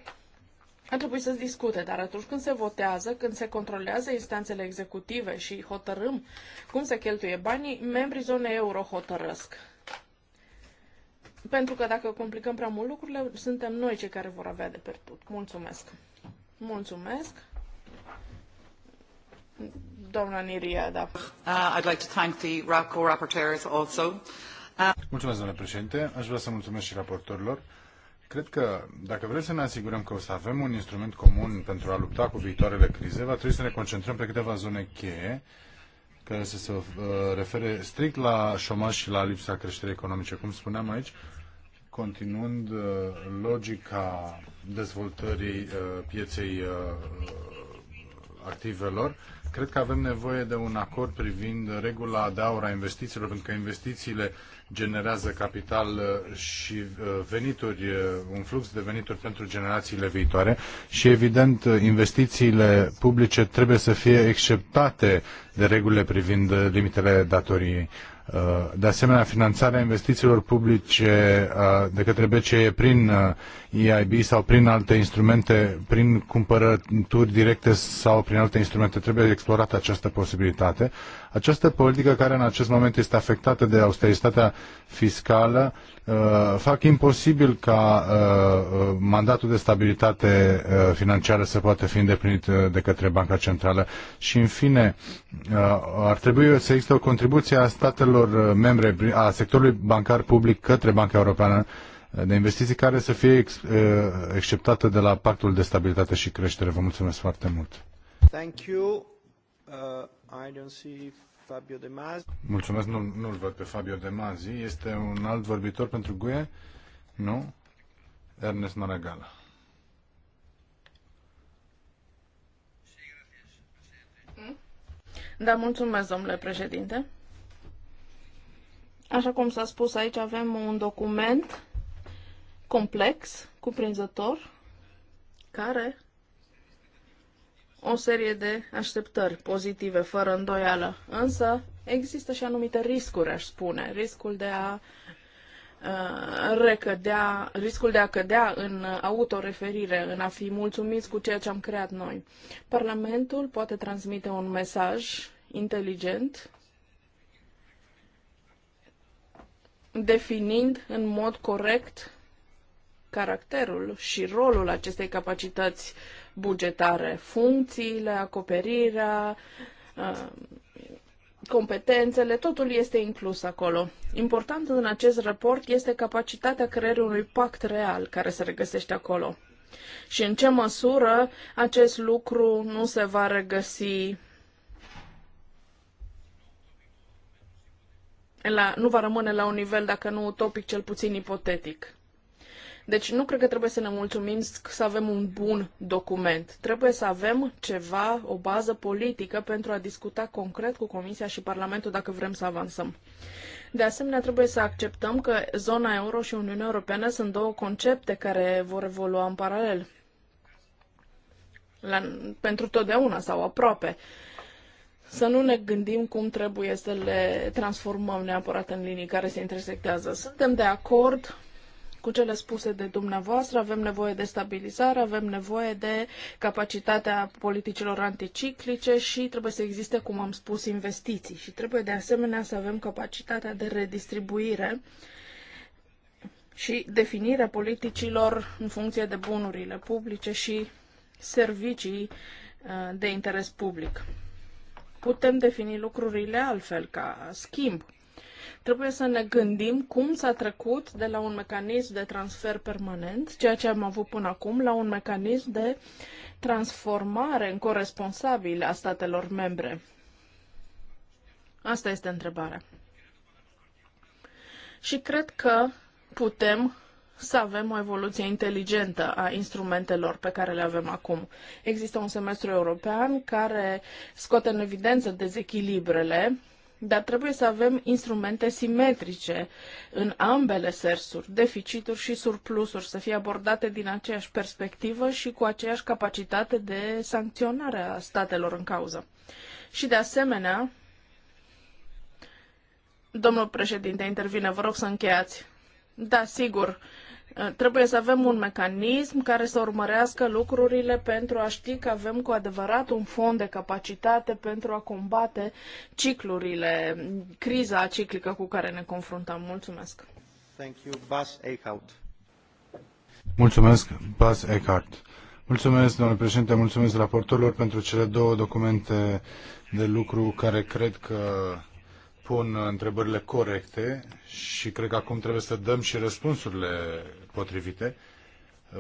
S1: ar trebui să discute, dar atunci când se votează, când se controlează instanțele executive și hotărâm cum se cheltuie banii, membrii zonei euro hotărăsc. Pentru că dacă complicăm prea mult lucrurile, suntem noi cei care vor avea de pierdut. Mulțumesc! Mulțumesc! Doamna Niria, da.
S3: Uh, I'd like to thank the co-rapporteurs also. Uh... Mulțumesc, domnule președinte. Aș vrea să mulțumesc și raportorilor. Cred că dacă vrem să ne asigurăm că o să avem un instrument comun pentru a lupta cu viitoarele crize, va trebui să ne concentrăm pe câteva zone cheie care să se uh, refere strict la șomaj și la lipsa creșterii economice. Cum spuneam aici, continuând uh, logica dezvoltării uh, pieței activelor, Cred că avem nevoie de un acord privind regula de aur a investițiilor, pentru că investițiile generează capital uh, și uh, venituri, uh, un flux de venituri pentru generațiile viitoare și, evident, investițiile publice trebuie să fie exceptate de regulile privind limitele datoriei. Uh, de asemenea, finanțarea investițiilor publice uh, de către BCE prin uh, EIB sau prin alte instrumente, prin cumpărături directe sau prin alte instrumente, trebuie explorată această posibilitate. Această politică care în acest moment este afectată de austeritatea fiscală uh, fac imposibil ca uh, uh, mandatul de stabilitate financiară să poată fi îndeplinit de către Banca Centrală. Și în fine, ar trebui să existe o contribuție a statelor membre, a sectorului bancar public către Banca Europeană de investiții care să fie ex, exceptată de la Pactul de Stabilitate și Creștere. Vă mulțumesc foarte mult. Thank you. Uh... I don't see Fabio De Masi. Mulțumesc, nu, nu-l văd pe Fabio De Masi. Este un alt vorbitor pentru GUE? Nu? Ernest Maragala.
S1: Da, mulțumesc, domnule președinte. Așa cum s-a spus aici, avem un document complex, cuprinzător, care o serie de așteptări pozitive, fără îndoială. Însă există și anumite riscuri, aș spune. Riscul de a uh, recădea, riscul de a cădea în autoreferire, în a fi mulțumiți cu ceea ce am creat noi. Parlamentul poate transmite un mesaj inteligent, definind în mod corect caracterul și rolul acestei capacități uh, bugetare, funcțiile, acoperirea, competențele, totul este inclus acolo. Important în acest raport este capacitatea creării unui pact real care se regăsește acolo. Și în ce măsură acest lucru nu se va regăsi la, nu va rămâne la un nivel, dacă nu utopic, cel puțin ipotetic. Deci nu cred că trebuie să ne mulțumim să avem un bun document. Trebuie să avem ceva, o bază politică pentru a discuta concret cu Comisia și Parlamentul dacă vrem să avansăm. De asemenea, trebuie să acceptăm că zona euro și Uniunea Europeană sunt două concepte care vor evolua în paralel. La, pentru totdeauna sau aproape. Să nu ne gândim cum trebuie să le transformăm neapărat în linii care se intersectează. Suntem de acord cu cele spuse de dumneavoastră, avem nevoie de stabilizare, avem nevoie de capacitatea politicilor anticiclice și trebuie să existe, cum am spus, investiții și trebuie de asemenea să avem capacitatea de redistribuire și definirea politicilor în funcție de bunurile publice și servicii uh, de interes public. Putem defini lucrurile altfel, ca schimb Trebuie să ne gândim cum s-a trecut de la un mecanism de transfer permanent, ceea ce am avut până acum, la un mecanism de transformare în corresponsabil a statelor membre. Asta este întrebarea. Și cred că putem să avem o evoluție inteligentă a instrumentelor pe care le avem acum. Există un semestru european care scoate în evidență dezechilibrele dar trebuie să avem instrumente simetrice în ambele sersuri, deficituri și surplusuri, să fie abordate din aceeași perspectivă și cu aceeași capacitate de sancționare a statelor în cauză. Și de asemenea, domnul președinte intervine, vă rog să încheiați. Da, sigur. Trebuie să avem un mecanism care să urmărească lucrurile pentru a ști că avem cu adevărat un fond de capacitate pentru a combate ciclurile, criza ciclică cu care ne confruntăm. Mulțumesc!
S3: Thank you, Bas Eichhout. Mulțumesc, Bas Eckhart. Mulțumesc, domnule președinte, mulțumesc raportorilor pentru cele două documente de lucru care cred că pun întrebările corecte și cred că acum trebuie să dăm și răspunsurile potrivite.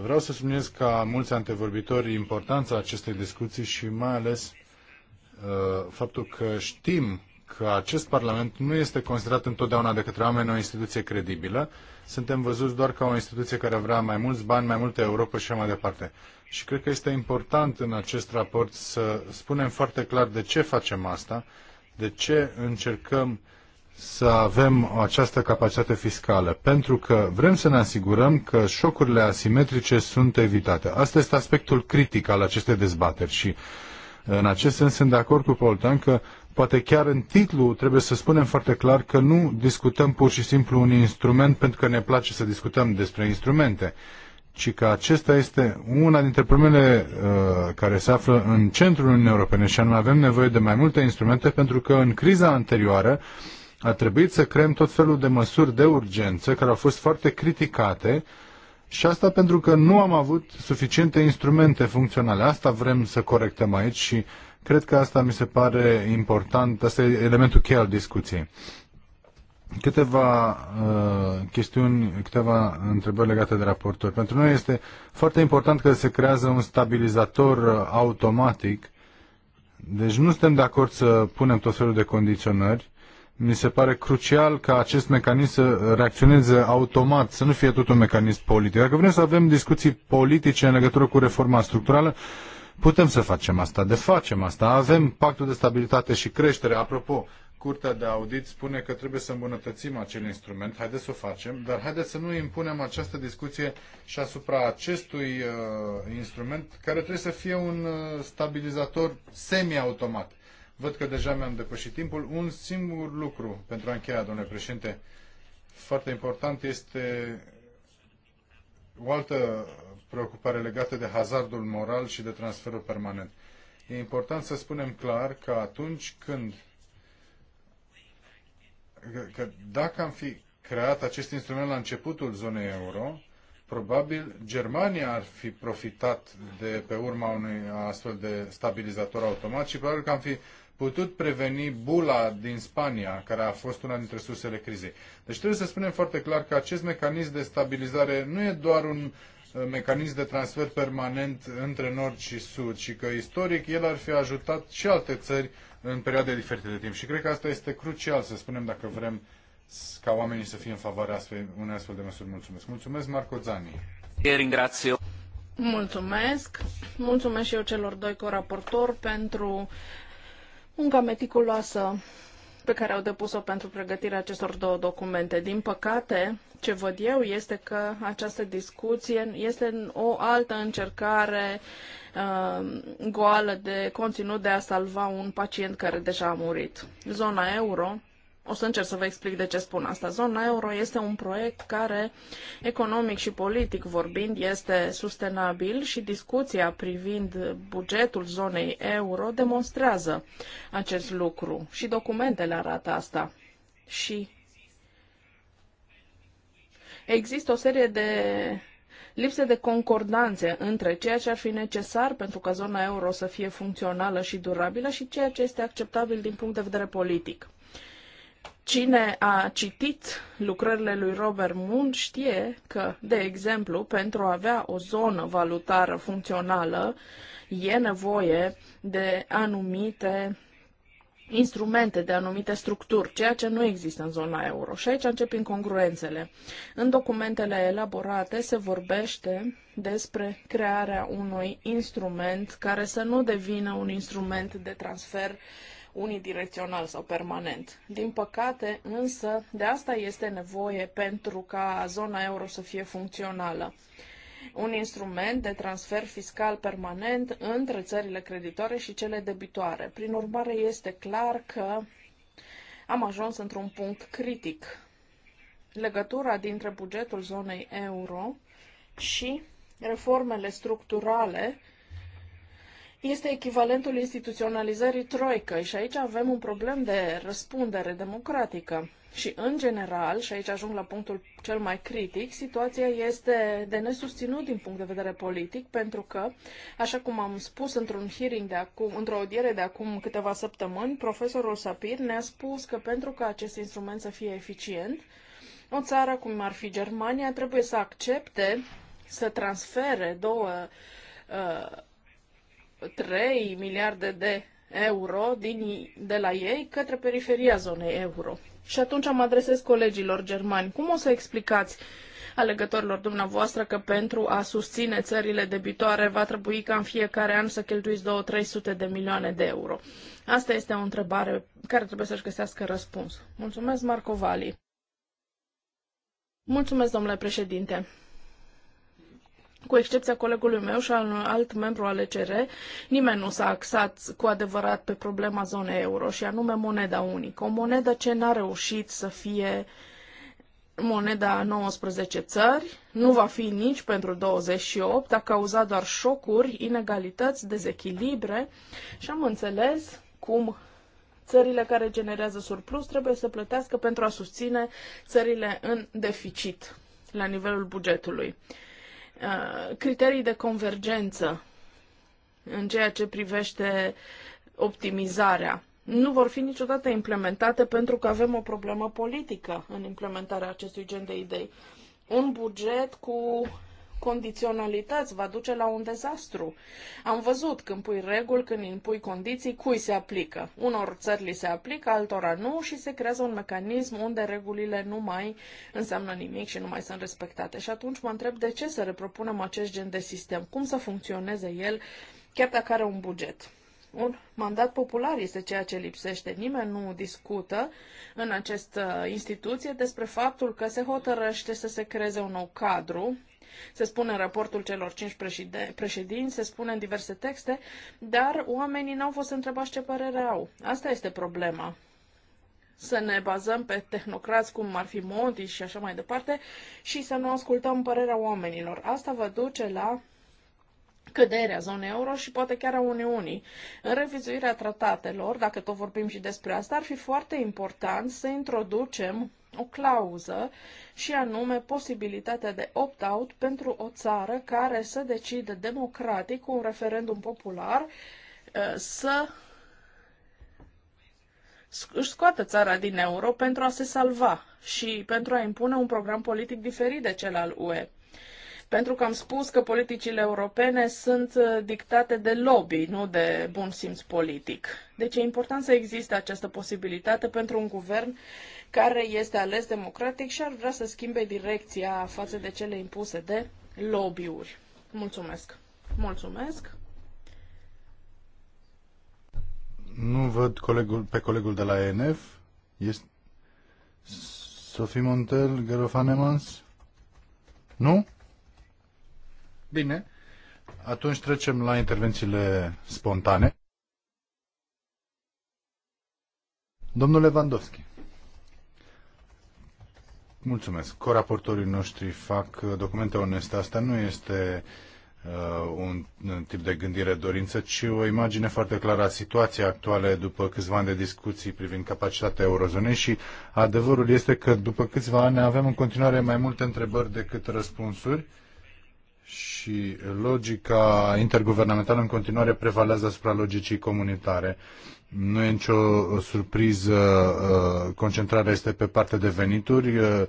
S3: Vreau să subliniez ca mulți antevorbitori importanța acestei discuții și mai ales uh, faptul că știm că acest Parlament nu este considerat întotdeauna de către oameni o instituție credibilă. Suntem văzuți doar ca o instituție care vrea mai mulți bani, mai multă Europa și mai departe. Și cred că este important în acest raport să spunem foarte clar de ce facem asta de ce încercăm să avem această capacitate fiscală? Pentru că vrem să ne asigurăm că șocurile asimetrice sunt evitate. Asta este aspectul critic al acestei dezbateri și în acest sens sunt de acord cu Paul Tan că poate chiar în titlu trebuie să spunem foarte clar că nu discutăm pur și simplu un instrument pentru că ne place să discutăm despre instrumente ci că acesta este una dintre problemele uh, care se află în centrul Uniunii Europene și anume avem nevoie de mai multe instrumente pentru că în criza anterioară a trebuit să creăm tot felul de măsuri de urgență care au fost foarte criticate și asta pentru că nu am avut suficiente instrumente funcționale. Asta vrem să corectăm aici și cred că asta mi se pare important, asta e elementul cheie al discuției câteva uh, chestiuni, câteva întrebări legate de raportor. Pentru noi este foarte important că se creează un stabilizator uh, automatic. Deci nu suntem de acord să punem tot felul de condiționări. Mi se pare crucial ca acest mecanism să reacționeze automat, să nu fie tot un mecanism politic. Dacă vrem să avem discuții politice în legătură cu reforma structurală, putem să facem asta, de facem asta. Avem pactul de stabilitate și creștere. Apropo, Curtea de Audit spune că trebuie să îmbunătățim acel instrument, haideți să o facem, dar haideți să nu impunem această discuție și asupra acestui uh, instrument, care trebuie să fie un uh, stabilizator semi-automat. Văd că deja mi-am depășit timpul. Un singur lucru pentru a încheia, domnule președinte, foarte important este o altă preocupare legată de hazardul moral și de transferul permanent. E important să spunem clar că atunci când că dacă am fi creat acest instrument la începutul zonei euro, probabil Germania ar fi profitat de pe urma unui astfel de stabilizator automat și probabil că am fi putut preveni bula din Spania, care a fost una dintre sursele crizei. Deci trebuie să spunem foarte clar că acest mecanism de stabilizare nu e doar un Uh, mecanism de transfer permanent între nord și sud și că istoric el ar fi ajutat și alte țări în perioade diferite de timp. Și cred că asta este crucial, să spunem, dacă vrem ca oamenii să fie în favoarea astfel, unei astfel de măsuri. Mulțumesc. Mulțumesc, Marco Zani.
S1: Mulțumesc. Mulțumesc și eu celor doi coraportori pentru munca meticuloasă pe care au depus-o pentru pregătirea acestor două documente. Din păcate, ce văd eu este că această discuție este o altă încercare uh, goală de conținut de a salva un pacient care deja a murit. Zona euro o să încerc să vă explic de ce spun asta. Zona euro este un proiect care, economic și politic vorbind, este sustenabil și discuția privind bugetul zonei euro demonstrează acest lucru și documentele arată asta. Și există o serie de lipse de concordanțe între ceea ce ar fi necesar pentru ca zona euro să fie funcțională și durabilă și ceea ce este acceptabil din punct de vedere politic. Cine a citit lucrările lui Robert Moon știe că, de exemplu, pentru a avea o zonă valutară funcțională, e nevoie de anumite instrumente, de anumite structuri, ceea ce nu există în zona euro. Și aici încep incongruențele. În documentele elaborate se vorbește despre crearea unui instrument care să nu devină un instrument de transfer uh, unidirecțional sau permanent. Din păcate, însă, de asta este nevoie pentru ca zona euro să fie funcțională. Un instrument de transfer fiscal permanent între țările creditoare și cele debitoare. Prin urmare, este clar că am ajuns într-un punct critic. Legătura dintre bugetul zonei euro și reformele structurale este echivalentul instituționalizării troică și aici avem un problem de răspundere democratică. Și în general, și aici ajung la punctul cel mai critic, situația este de nesusținut din punct de vedere politic, pentru că, așa cum am spus într-un hearing de acum, într-o audiere de acum câteva săptămâni, profesorul Sapir ne-a spus că pentru ca acest instrument să fie eficient, o țară cum ar fi Germania trebuie să accepte să transfere două uh, 3 miliarde de euro din, de la ei către periferia zonei euro. Și atunci am adresez colegilor germani. Cum o să explicați alegătorilor dumneavoastră că pentru a susține țările debitoare va trebui ca în fiecare an să cheltuiți 2-300 de milioane de euro? Asta este o întrebare care trebuie să-și găsească răspuns. Mulțumesc, Marco Vali. Mulțumesc, domnule președinte. Cu excepția colegului meu și al unui alt membru al ECR, nimeni nu s-a axat cu adevărat pe problema zonei euro și anume moneda unică. O monedă ce n-a reușit să fie moneda a 19 țări, nu va fi nici pentru 28, a cauzat doar șocuri, inegalități, dezechilibre și am înțeles cum țările care generează surplus trebuie să plătească pentru a susține țările în deficit la nivelul bugetului. Uh, criterii de convergență în ceea ce privește optimizarea nu vor fi niciodată implementate pentru că avem o problemă politică în implementarea acestui gen de idei. Un buget cu condiționalități va duce la un dezastru. Am văzut când pui reguli, când impui condiții, cui se aplică. Unor țări li se aplică, altora nu și se creează un mecanism unde regulile nu mai înseamnă nimic și nu mai sunt respectate. Și atunci mă întreb de ce să repropunem acest gen de sistem, cum să funcționeze el, chiar dacă are un buget. Un mandat popular este ceea ce lipsește. Nimeni nu discută în această instituție despre faptul că se hotărăște să se creeze un nou cadru se spune în raportul celor cinci președinți, se spune în diverse texte, dar oamenii n-au fost întrebați ce părere au. Asta este problema să ne bazăm pe tehnocrați cum ar fi Monti și așa mai departe și să nu ascultăm părerea oamenilor. Asta vă duce la căderea zonei euro și poate chiar a Uniunii. În revizuirea tratatelor, dacă tot vorbim și despre asta, ar fi foarte important să introducem o clauză și anume posibilitatea de opt-out pentru o țară care să decide democratic cu un referendum popular uh, să își scoată țara din euro pentru a se salva și pentru a impune un program politic diferit de cel al UE. Pentru că am spus că politicile europene sunt uh, dictate de lobby, nu de bun simț politic. Deci e important să existe această posibilitate pentru un guvern care este ales democratic și ar vrea să schimbe direcția față de cele impuse de lobby-uri. Mulțumesc! Mulțumesc!
S3: Nu văd colegul, pe colegul de la ENF. Este Sophie Montel, Gerofanemans? Nu? Bine, atunci trecem la intervențiile spontane. Domnul Lewandowski. Mulțumesc. Coraportorii noștri fac documente oneste. Asta nu este uh, un, un tip de gândire dorință, ci o imagine foarte clară a situației actuale după câțiva ani de discuții privind capacitatea eurozonei și adevărul este că după câțiva ani avem în continuare mai multe întrebări decât răspunsuri. Uh, și logica interguvernamentală în continuare prevalează asupra logicii comunitare. Nu e nicio uh, surpriză, uh, concentrarea este pe partea de venituri uh,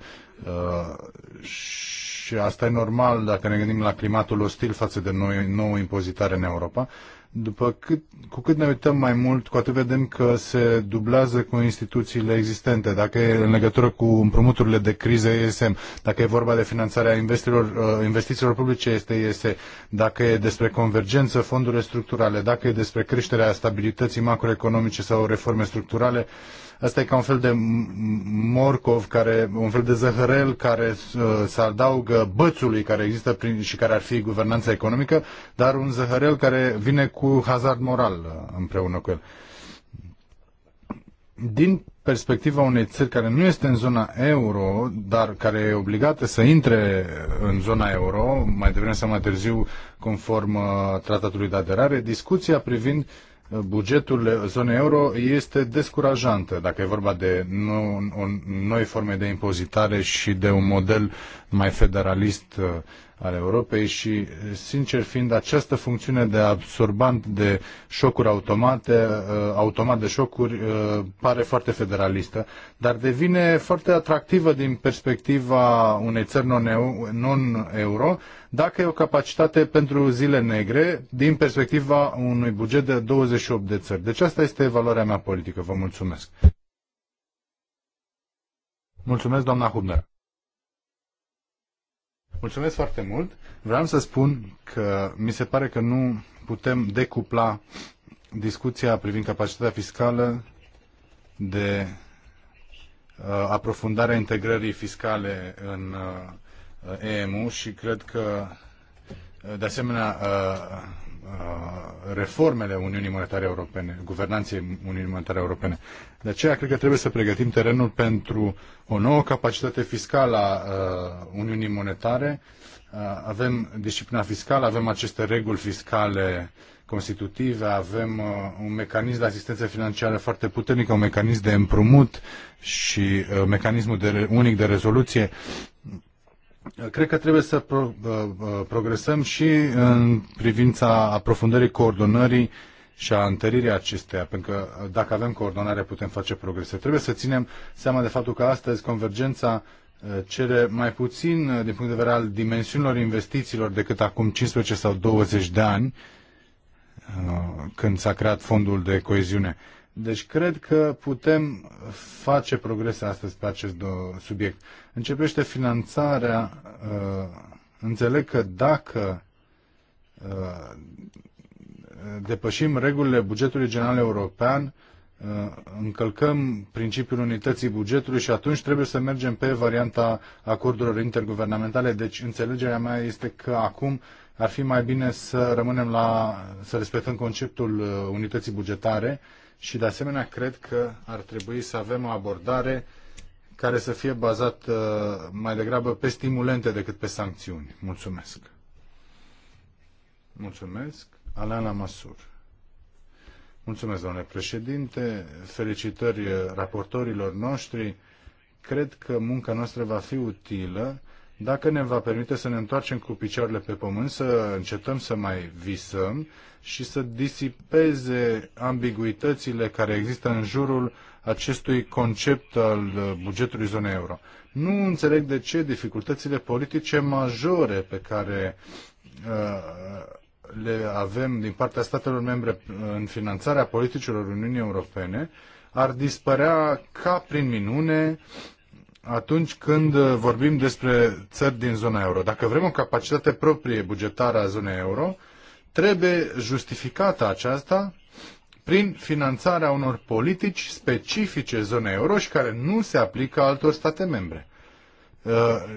S3: și asta e normal dacă ne gândim la climatul ostil față de noi, nouă impozitare în Europa. După cât, cu cât ne uităm mai mult, cu atât vedem că se dublează cu instituțiile existente. Dacă e în legătură cu împrumuturile de criză ESM, dacă e vorba de finanțarea investițiilor, uh, investițiilor publice este ESE, dacă e despre convergență, fondurile structurale, dacă e despre creșterea stabilității macroeconomice sau reforme structurale, uh, Asta e ca un fel de morcov, care, un fel de zăhărel care uh, se adaugă bățului care există prin, și care ar fi guvernanța economică, dar un zăhărel care vine cu hazard moral uh, împreună cu el. Din perspectiva unei țări care nu este în zona euro, dar care e obligată să intre în zona euro, mai devreme sau mai târziu, conform uh, tratatului de aderare, discuția privind uh, bugetul zonei euro este descurajantă, dacă e vorba de noi forme de impozitare și de un model mai federalist al Europei și, sincer fiind, această funcțiune de absorbant de șocuri automate, uh, automat de șocuri, uh, pare foarte federalistă, dar devine foarte atractivă din perspectiva unei țări non-euro, dacă e o capacitate pentru zile negre, din perspectiva unui buget de 28 de țări. Deci asta este valoarea mea politică. Vă mulțumesc. Mulțumesc, doamna Hubner. Mulțumesc foarte mult. Vreau să spun că mi se pare că nu putem decupla discuția privind capacitatea fiscală de uh, aprofundarea integrării fiscale în uh, EMU și cred că de asemenea uh, Uh, reformele Uniunii Monetare Europene, guvernanței Uniunii Monetare Europene. De aceea cred că trebuie să pregătim terenul pentru o nouă capacitate fiscală a uh, Uniunii Monetare. Uh, avem disciplina fiscală, avem aceste reguli fiscale constitutive, avem un mecanism de asistență financiară foarte puternic, un mecanism de împrumut și mecanismul de, unic de rezoluție. Cred că trebuie să pro, uh, uh, progresăm și în privința aprofundării coordonării și a întăririi acesteia, pentru că dacă avem coordonare putem face progrese. Trebuie să ținem seama de faptul că astăzi convergența uh, cere mai puțin din punct de vedere al dimensiunilor investițiilor decât acum 15 sau 20 de ani când s-a creat fondul de coeziune. Deci cred că putem face progrese astăzi pe acest subiect. Începește finanțarea. Uh, înțeleg că dacă uh, depășim regulile bugetului general european, uh, încălcăm principiul unității bugetului și atunci trebuie să mergem pe varianta acordurilor interguvernamentale. Deci înțelegerea mea este că acum ar fi mai bine să rămânem la, să respectăm conceptul unității bugetare și de asemenea cred că ar trebui să avem o abordare care să fie bazată mai degrabă pe stimulente decât pe sancțiuni. Mulțumesc. Mulțumesc. Alana Masur. Mulțumesc, domnule președinte. Felicitări raportorilor noștri. Cred că munca noastră va fi utilă dacă ne va permite să ne întoarcem cu picioarele pe pământ, să încetăm să mai visăm și să disipeze ambiguitățile care există în jurul acestui concept al bugetului zonei euro. Nu înțeleg de ce dificultățile politice majore pe care uh, le avem din partea statelor membre în finanțarea politicilor Uniunii Europene ar dispărea ca prin minune atunci când uh, vorbim despre țări din zona euro. Dacă vrem o capacitate proprie bugetară a zonei euro, trebuie justificată aceasta prin finanțarea unor politici specifice zonei euro și care nu se aplică altor state membre. Uh,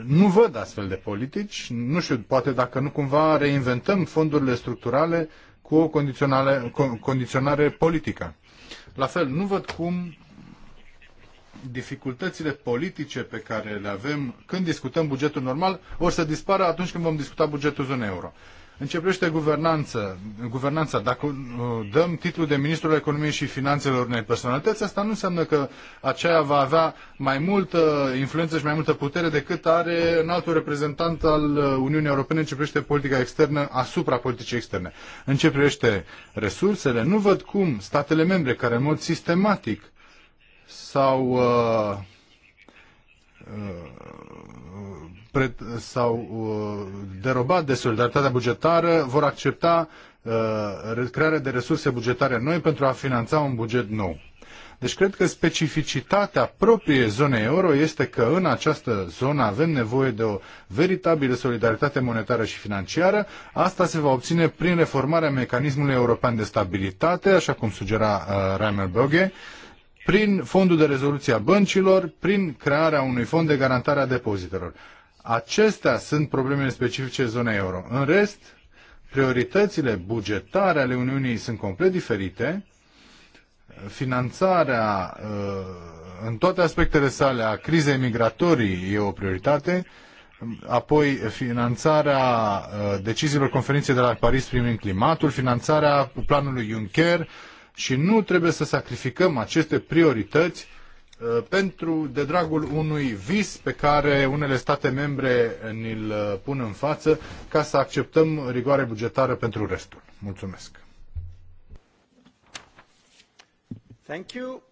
S3: nu văd astfel de politici, nu știu, poate dacă nu cumva reinventăm fondurile structurale cu o condiționare, condiționare politică. La fel, nu văd cum dificultățile politice pe care le avem când discutăm bugetul normal vor să dispară atunci când vom discuta bugetul zonei euro. Începește guvernanță, guvernanța. Dacă uh, dăm titlul de Ministrul Economiei și Finanțelor unei personalități, asta nu înseamnă că aceea va avea mai multă influență și mai multă putere decât are în altul reprezentant al uh, Uniunii Europene începește politica externă asupra politicii externe. Începește resursele. Nu văd cum statele membre care în mod sistematic sau au uh, uh, sau uh, derobat de solidaritatea bugetară vor accepta uh, crearea de resurse bugetare noi pentru a finanța un buget nou. Deci cred că specificitatea proprie zonei euro este că în această zonă avem nevoie de o veritabilă solidaritate monetară și financiară. Asta se va obține prin reformarea mecanismului european de stabilitate, așa cum sugera uh, Reimer Böge, uh, prin fondul de rezoluție a băncilor, prin crearea unui fond de garantare a depozitelor. Acestea sunt problemele specifice zonei euro. În rest, prioritățile bugetare ale Uniunii sunt complet diferite. Finanțarea uh, în toate aspectele sale a crizei migratorii e o prioritate, apoi finanțarea uh, deciziilor conferinței de la Paris privind climatul, finanțarea planului Juncker, și nu trebuie să sacrificăm aceste priorități uh, pentru, de dragul unui vis pe care unele state membre ni-l uh, pun în față ca să acceptăm rigoare bugetară pentru restul. Mulțumesc.
S1: Thank you.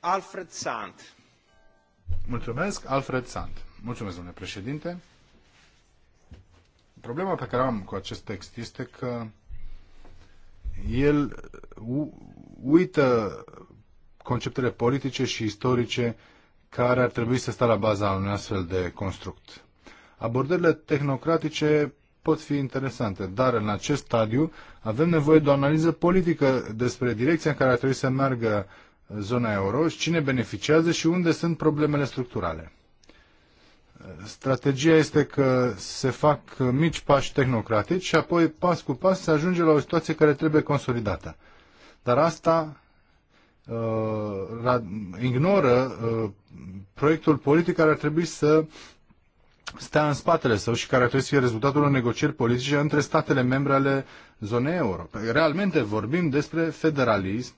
S1: Alfred Sand.
S3: Mulțumesc, Alfred Sand. Mulțumesc, domnule președinte. Problema pe care am cu acest text este că el uită conceptele politice și istorice care ar trebui să stea la baza unui astfel de construct. Abordările tehnocratice pot fi interesante, dar în acest stadiu avem nevoie de o analiză politică despre direcția în care ar trebui să meargă zona euro, cine beneficiază și unde sunt problemele structurale strategia este că se fac mici pași tehnocratici și apoi pas cu pas se ajunge la o situație care trebuie consolidată. Dar asta uh, ignoră uh, proiectul politic care ar trebui să stea în spatele său și care ar trebui să fie rezultatul unor negocieri politice între statele membre ale zonei euro. Realmente vorbim despre federalism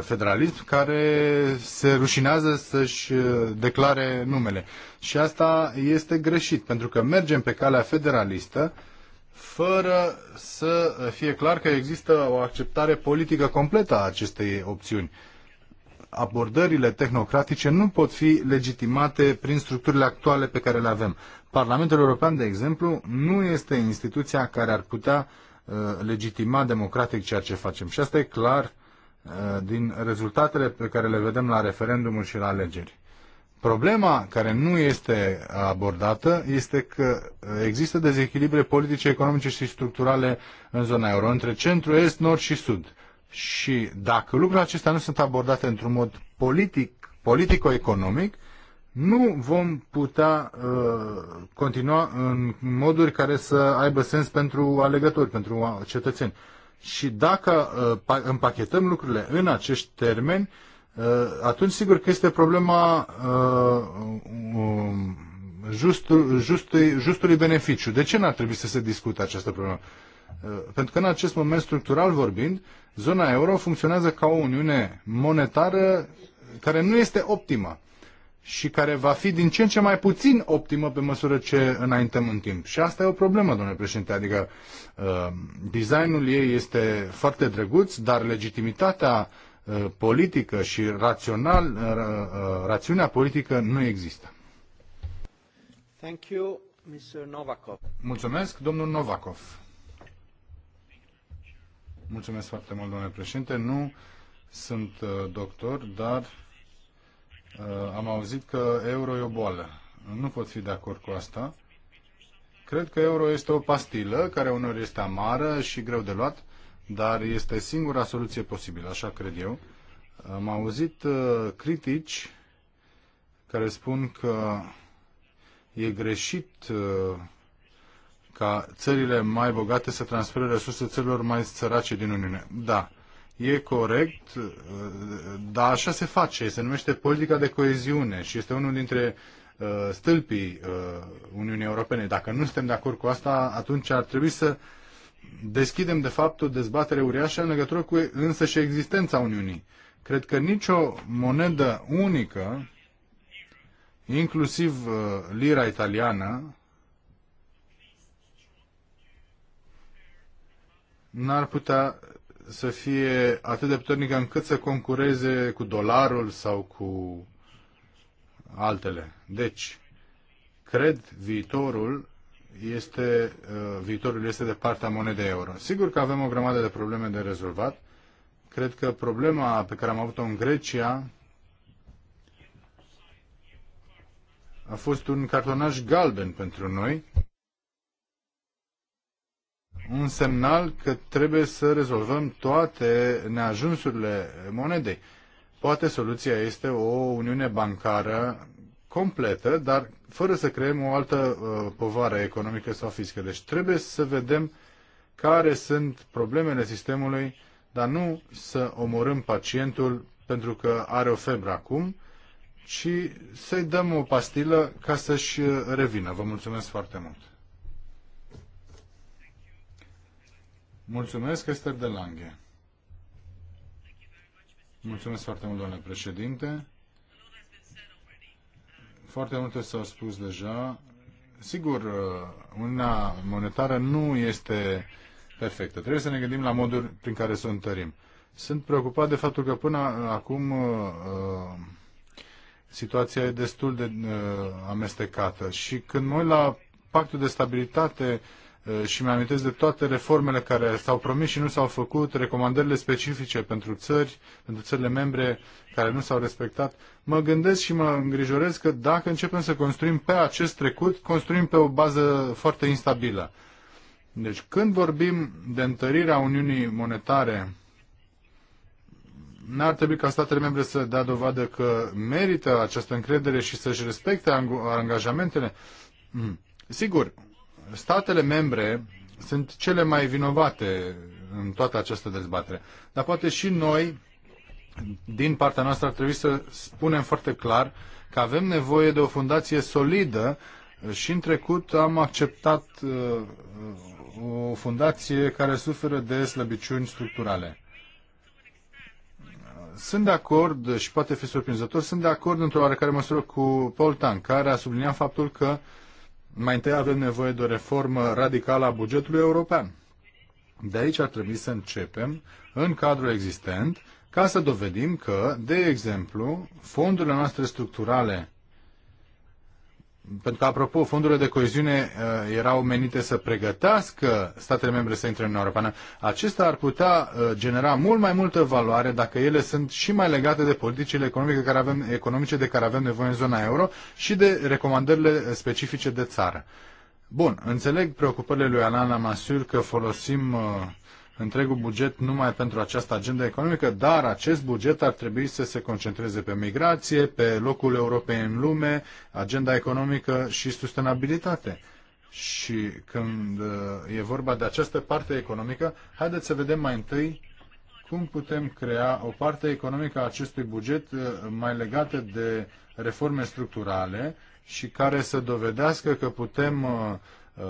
S3: federalism care se rușinează să-și uh, declare numele. Și asta este greșit, pentru că mergem pe calea federalistă fără să fie clar că există o acceptare politică completă a acestei opțiuni. Abordările tehnocratice nu pot fi legitimate prin structurile actuale pe care le avem. Parlamentul European, de exemplu, nu este instituția care ar putea uh, legitima democratic ceea ce facem. Și asta e clar Eh, din rezultatele pe care le vedem la referendumul și la alegeri. Problema care nu este abordată este că există dezechilibre politice, economice și structurale în zona euro, între centru, est, nord și sud. Și dacă lucrurile acestea nu sunt abordate într-un mod politic, politico-economic, nu vom putea uh, continua în moduri care să aibă sens pentru alegători, pentru cetățeni și dacă uh, împachetăm lucrurile în acești termeni, uh, atunci sigur că este problema uh, um, justului, justui, justului beneficiu. De ce n-ar trebui să se discute această problemă? Pentru că în acest moment structural vorbind, zona euro funcționează ca o uniune monetară care nu este optimă și care va fi din ce în ce mai puțin optimă pe măsură ce înaintăm în timp. Și asta e o problemă, domnule președinte, adică uh, designul ei este foarte drăguț, dar legitimitatea uh, politică și rațional, uh, uh, rațiunea politică nu există.
S2: Thank you, Mr.
S3: Novakov. Mulțumesc, domnul Novakov. Mulțumesc foarte mult, domnule președinte. Nu sunt uh, doctor, dar Uh, am auzit că euro e o boală. Nu pot fi de acord cu asta. Cred că euro este o pastilă care uneori este amară și greu de luat, dar este singura soluție posibilă, așa cred eu. Am auzit uh, critici care spun că e greșit uh, ca țările mai bogate să transfere resurse țărilor mai sărace din Uniune. Da, E corect, dar așa se face. Se numește politica de coeziune și este unul dintre uh, stâlpii uh, Uniunii Europene. Dacă nu suntem de acord cu asta, atunci ar trebui să deschidem, de fapt, o dezbatere uriașă în legătură cu însă și existența Uniunii. Cred că nicio monedă unică, inclusiv uh, lira italiană, n-ar putea să fie atât de puternică încât să concureze cu dolarul sau cu altele. Deci, cred viitorul este, uh, viitorul este de partea monedei euro. Sigur că avem o grămadă de probleme de rezolvat. Cred că problema pe care am avut-o în Grecia a fost un cartonaj galben pentru noi un semnal că trebuie să rezolvăm toate neajunsurile monedei. Poate soluția este o uniune bancară completă, dar fără să creăm o altă uh, povară economică sau fiscă. Deci trebuie să vedem care sunt problemele sistemului, dar nu să omorâm pacientul pentru că are o febră acum, ci să-i dăm o pastilă ca să-și revină. Vă mulțumesc foarte mult! Mulțumesc, Esther de Lange. Mulțumesc foarte mult, doamne președinte. Foarte multe s-au spus deja. Sigur, uh, una Monetară nu este perfectă. Trebuie să ne gândim la modul prin care să o întărim. Sunt preocupat de faptul că până acum uh, uh, situația e destul de amestecată și când mă uit la pactul de stabilitate, Eh, și mi-amintesc de toate reformele care s-au promis și nu s-au făcut, recomandările specifice pentru țări, pentru țările membre care nu s-au respectat. Mă gândesc și mă îngrijorez că dacă începem să construim pe acest trecut, construim pe o bază foarte instabilă. Deci când vorbim de întărirea Uniunii Monetare, n-ar trebui ca statele membre să dea dovadă că merită această încredere și să-și respecte angajamentele? Hmm. Sigur, statele membre sunt cele mai vinovate în toată această dezbatere. Dar poate și noi, din partea noastră, ar trebui să spunem foarte clar că avem nevoie de o fundație solidă și în trecut am acceptat uh, uh, o fundație care suferă de slăbiciuni structurale. Sunt de acord și poate fi surprinzător, sunt de acord într-o oarecare măsură cu Paul Tan, care a subliniat faptul că uh, mai întâi avem nevoie de o reformă radicală a bugetului european. De aici ar trebui să începem în cadrul existent ca să dovedim că, de exemplu, fondurile noastre structurale pentru că, apropo, fondurile de coeziune uh, erau menite să pregătească statele membre să intre în Uniunea Europeană. Acesta ar putea uh, genera mult mai multă valoare dacă ele sunt și mai legate de politicile economice, care avem, economice de care avem nevoie în zona euro și de recomandările specifice de țară. Bun, înțeleg preocupările lui Alan măsură că folosim uh, întregul buget numai pentru această agenda economică, dar acest buget ar trebui să se concentreze pe migrație, pe locul Europei în lume, agenda economică și sustenabilitate. Și când uh, e vorba de această parte economică, haideți să vedem mai întâi cum putem crea o parte economică a acestui buget uh, mai legată de reforme structurale și care să dovedească că putem uh, Uh,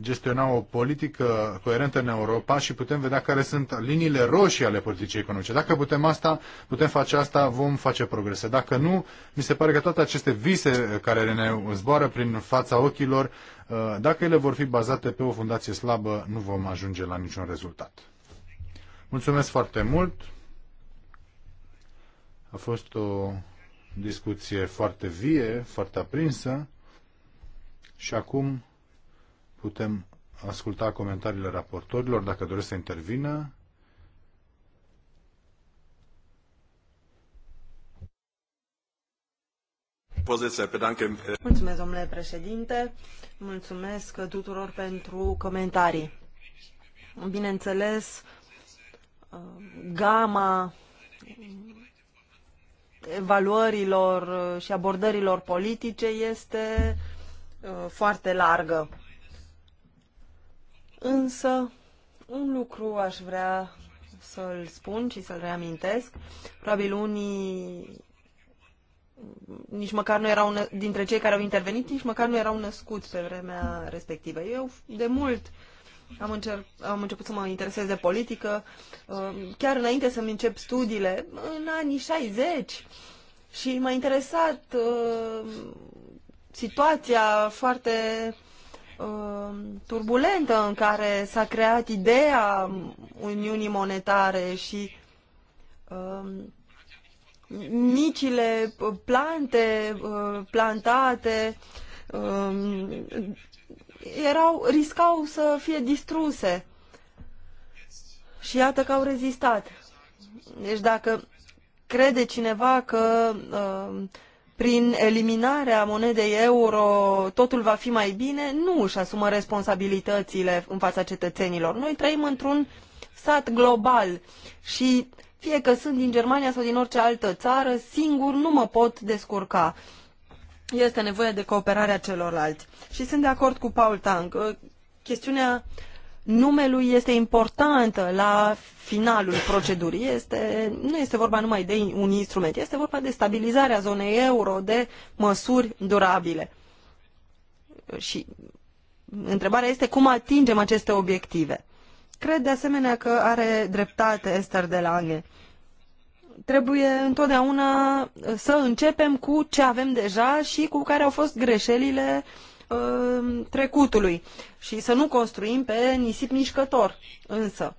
S3: gestiona o politică coerentă în Europa și putem vedea care sunt liniile roșii ale politicii economice. Dacă putem asta, putem face asta, vom face progrese. Dacă nu, mi se pare că toate aceste vise care ne zboară prin fața ochilor, uh, dacă ele vor fi bazate pe o fundație slabă, nu vom ajunge la niciun rezultat. Mulțumesc foarte mult. A fost o discuție foarte vie, foarte aprinsă. Și acum Putem asculta comentariile raportorilor dacă doresc să intervină. Mulțumesc,
S2: domnule președinte. Mulțumesc tuturor pentru comentarii. Bineînțeles, gama evaluărilor și abordărilor politice este uh, foarte largă. Însă, un lucru aș vrea să-l spun și să-l reamintesc. Probabil unii nici măcar nu erau, dintre cei care au intervenit, nici măcar nu erau născuți pe vremea respectivă. Eu de mult am, încerc, am început să mă interesez de politică, um, chiar înainte să-mi încep studiile, în anii 60. Și m-a interesat uh, situația foarte Um, turbulentă în care s-a creat ideea Uniunii Monetare și um, micile plante uh, plantate um, erau, riscau să fie distruse. Și iată că au rezistat. Deci dacă crede cineva că uh, prin eliminarea monedei euro totul va fi mai bine, nu își asumă responsabilitățile în fața cetățenilor. Noi trăim într-un sat global și fie că sunt din Germania sau din orice altă țară, singur nu mă pot descurca. Este nevoie de cooperarea celorlalți. Și sunt de acord cu Paul Tang. Chestiunea uh, numelui este importantă la finalul procedurii. Este, nu este vorba numai de un instrument, este vorba de stabilizarea zonei euro, de măsuri durabile. Și întrebarea este cum atingem aceste obiective. Cred de asemenea că are dreptate Esther de Lange. Trebuie întotdeauna să începem cu ce avem deja și cu care au fost greșelile uh, Uh, trecutului și să nu construim pe nisip mișcător. Însă,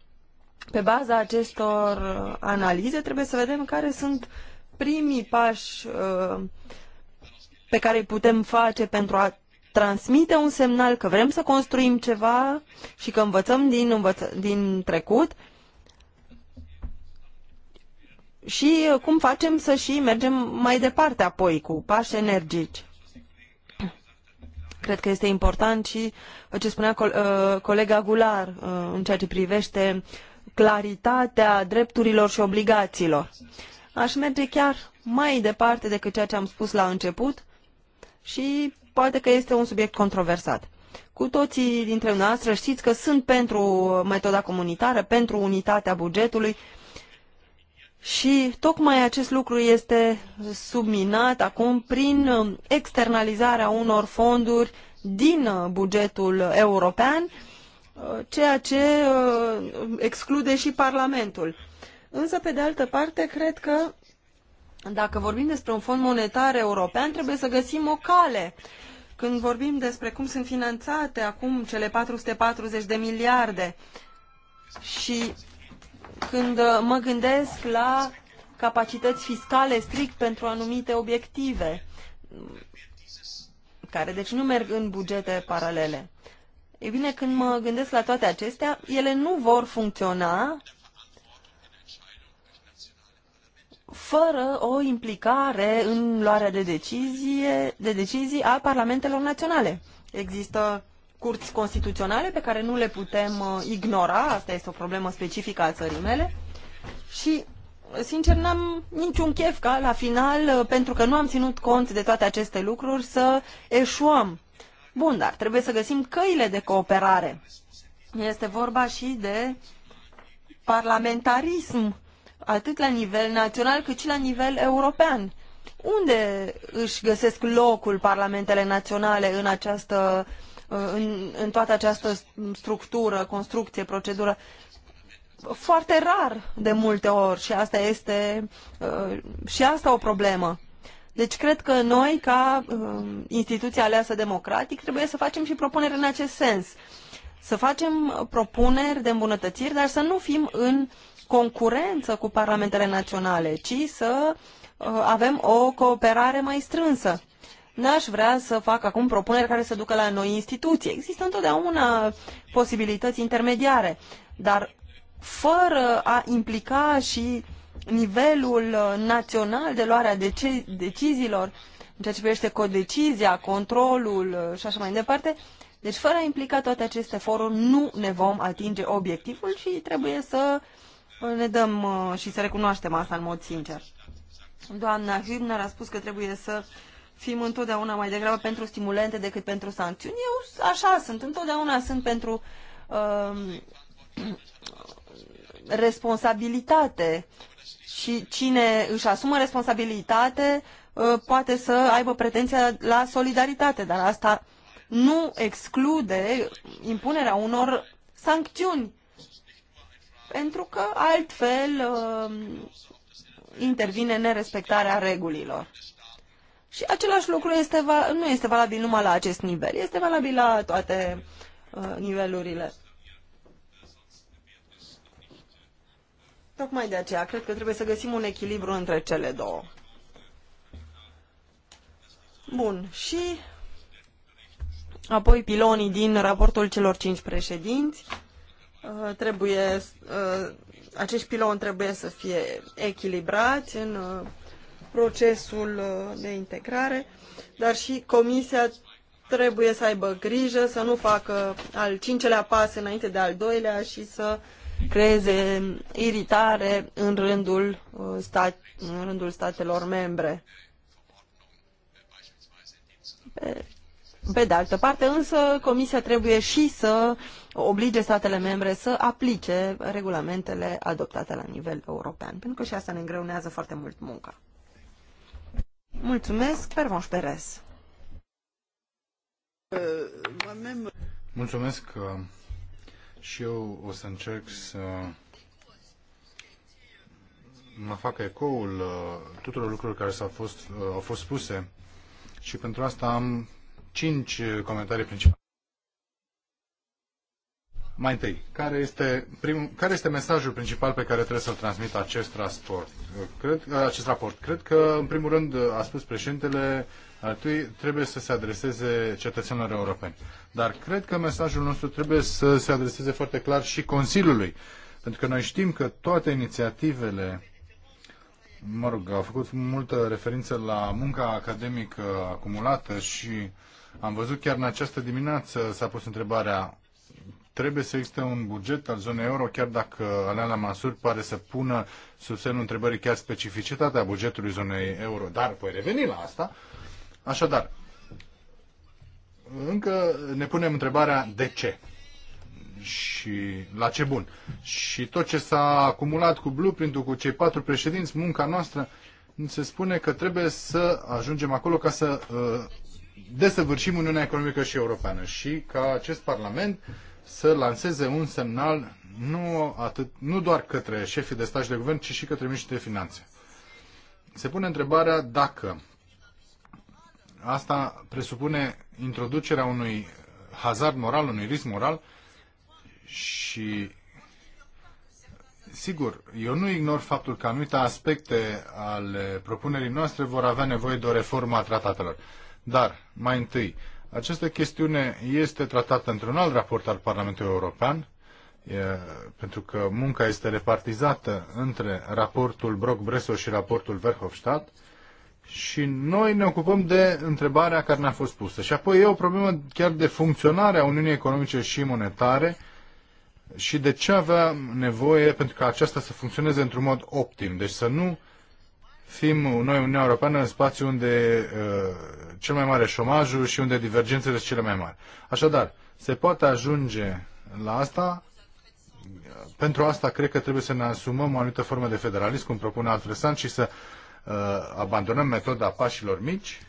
S2: pe baza acestor uh, analize, trebuie să vedem care sunt primii pași uh, pe care îi putem face pentru a transmite un semnal că vrem să construim ceva și că învățăm din, învăț- din trecut și cum facem să și mergem mai departe apoi cu pași energici. Cred că este important și uh, ce spunea uh, colega Gular uh, în ceea ce privește claritatea drepturilor și obligațiilor. Aș merge chiar mai departe decât ceea ce am spus la început și poate că este un subiect controversat. Cu toții dintre noastre știți că sunt pentru metoda comunitară, pentru unitatea bugetului și tocmai acest lucru este subminat acum prin um, externalizarea unor fonduri din uh, bugetul european, uh, ceea ce uh, exclude și Parlamentul. Însă, pe de altă parte, cred că dacă vorbim despre un fond monetar european, trebuie să găsim o cale. Când vorbim despre cum sunt finanțate acum cele 440 de miliarde și când uh, mă gândesc la capacități fiscale strict pentru anumite obiective, mm, care deci nu merg în bugete paralele. E bine, când mă gândesc la toate acestea, ele nu vor funcționa fără o implicare în luarea de, decizie, de decizii a parlamentelor naționale. Există curți constituționale pe care nu le putem uh, ignora, asta este o problemă specifică a țării mele și sincer n-am niciun chef ca la final, uh, pentru că nu am ținut cont de toate aceste lucruri, să eșuăm. Bun, dar trebuie să găsim căile de cooperare. Este vorba și de parlamentarism, atât la nivel național cât și la nivel european. Unde își găsesc locul parlamentele naționale în această uh, Uh, în, în toată această structură, construcție, procedură. Foarte rar de multe ori și asta este uh, și asta o problemă. Deci cred că noi, ca uh, instituția aleasă democratic, trebuie să facem și propuneri în acest sens. Să facem propuneri de îmbunătățiri, dar să nu fim în concurență cu parlamentele naționale, ci să avem o cooperare mai strânsă n-aș vrea să fac acum propuneri care să ducă la noi instituții. Există întotdeauna posibilități intermediare, dar fără a implica și nivelul național de luarea deci- deciziilor, în ceea ce privește codecizia, controlul și așa mai departe, deci fără a implica toate aceste foruri nu ne vom atinge obiectivul și trebuie să ne dăm uh, și să recunoaștem asta în mod sincer. Doamna Hübner a spus că trebuie să uh, fim întotdeauna mai degrabă pentru stimulente decât pentru sancțiuni. Eu așa sunt, întotdeauna sunt pentru uh, responsabilitate și cine își asumă responsabilitate uh, poate să aibă pretenția la solidaritate, dar asta nu exclude impunerea unor sancțiuni, pentru că altfel uh, intervine nerespectarea regulilor. Și același lucru este, nu este valabil numai la acest nivel, este valabil la toate uh, nivelurile. Tocmai de aceea, cred că trebuie să găsim un echilibru între cele două. Bun, și apoi pilonii din raportul celor cinci președinți. Uh, trebuie, uh, acești piloni trebuie să fie echilibrați în uh, procesul uh, de integrare, dar și Comisia trebuie să aibă grijă să nu facă al cincelea pas înainte de al doilea și să creeze iritare în rândul, uh, stat, în rândul statelor membre. Pe, pe de altă parte, însă, Comisia trebuie și să oblige statele membre să aplice regulamentele adoptate la nivel european, pentru că și asta ne îngreunează foarte mult munca. Mulțumesc, Pervanș Perez.
S3: Mulțumesc uh, și eu o să încerc să mă fac ecoul uh, tuturor lucrurilor care s-au fost, uh, au fost spuse și pentru asta am cinci comentarii principale. Mai întâi, care este, prim, care este mesajul principal pe care trebuie să-l transmit acest, raport? Cred, acest raport? Cred că, în primul rând, a spus președintele, trebuie să se adreseze cetățenilor europeni. Dar cred că mesajul nostru trebuie să se adreseze foarte clar și Consiliului. Pentru că noi știm că toate inițiativele, mă rog, au făcut multă referință la munca academică acumulată și am văzut chiar în această dimineață s-a pus întrebarea trebuie să existe un buget al zonei euro, chiar dacă Alain Masur pare să pună sub semnul întrebării chiar specificitatea bugetului zonei euro. Dar voi reveni la asta. Așadar, încă ne punem întrebarea de ce și la ce bun. Și tot ce s-a acumulat cu blueprint-ul, cu cei patru președinți, munca noastră, se spune că trebuie să ajungem acolo ca să uh, desăvârșim Uniunea Economică și Europeană și ca acest Parlament să lanseze un semnal nu, atât, nu doar către șefii de stat și de guvern, ci și către ministrii de finanțe. Se pune întrebarea dacă asta presupune introducerea unui hazard moral, unui risc moral și sigur, eu nu ignor faptul că anumite aspecte ale propunerii noastre vor avea nevoie de o reformă a tratatelor. Dar, mai întâi, această chestiune este tratată într-un alt raport al Parlamentului European, pentru că munca este repartizată între raportul Brock-Bresso și raportul Verhofstadt și noi ne ocupăm de întrebarea care ne-a fost pusă. Și apoi e o problemă chiar de funcționare a Uniunii Economice și Monetare și de ce avea nevoie pentru ca aceasta să funcționeze într-un mod optim. Deci să nu fim noi Uniunea Europeană în spațiu unde uh, cel mai mare șomajul și unde divergențele sunt cele mai mari. Așadar, se poate ajunge la asta. Pentru asta cred că trebuie să ne asumăm o anumită formă de federalism, cum propune Altresan, și să uh, abandonăm metoda pașilor mici.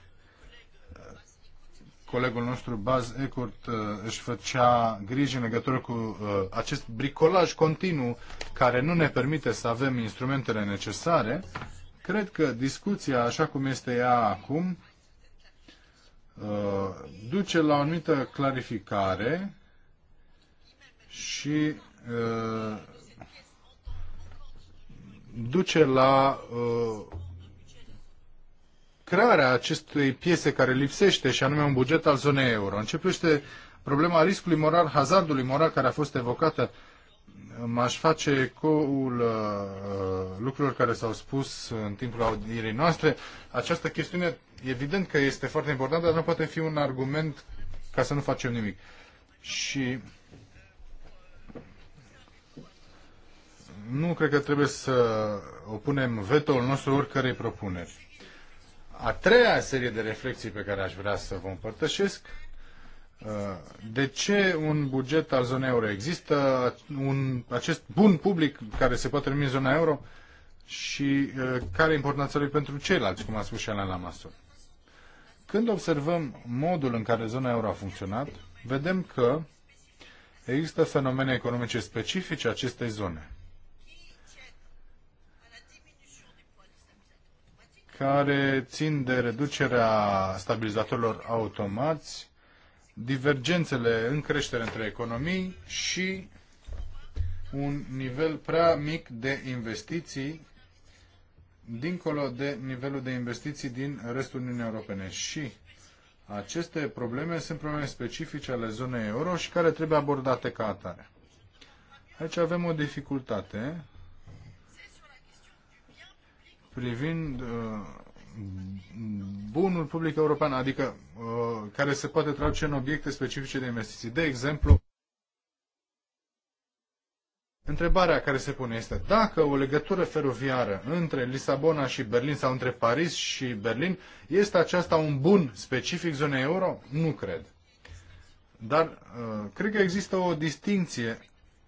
S3: Colegul nostru, Baz Ecurt, uh, își făcea griji în legătură cu uh, acest bricolaj continuu care nu ne permite să avem instrumentele necesare Cred că discuția, așa cum este ea acum, uh, duce la o anumită clarificare și uh, duce la uh, crearea acestei piese care lipsește, și anume un buget al zonei euro. Începește problema riscului moral, hazardului moral care a fost evocată m-aș face ecoul uh, uh, lucrurilor care s-au spus în timpul audierii noastre. Această chestiune, evident că este foarte importantă, dar nu poate fi un argument ca să nu facem nimic. Și nu cred că trebuie să opunem vetoul nostru oricărei propuneri. A treia serie de reflexii pe care aș vrea să vă împărtășesc Uh, de ce un buget al zonei euro? Există un, acest bun public care se poate numi zona euro și uh, care e importanța lui pentru ceilalți, cum a spus și Alain Lamassoure? Când observăm modul în care zona euro a funcționat, vedem că există fenomene economice specifice acestei zone, care țin de reducerea stabilizatorilor automați, divergențele în creștere între economii și un nivel prea mic de investiții dincolo de nivelul de investiții din restul Uniunii Europene. Și aceste probleme sunt probleme specifice ale zonei euro și care trebuie abordate ca atare. Aici avem o dificultate privind uh, bunul public european, adică uh, care se poate traduce în obiecte specifice de investiții. De exemplu, Întrebarea care se pune este dacă o legătură feroviară între Lisabona și Berlin sau între Paris și Berlin, este aceasta un bun specific zonei euro? Nu cred. Dar uh, cred că există o distinție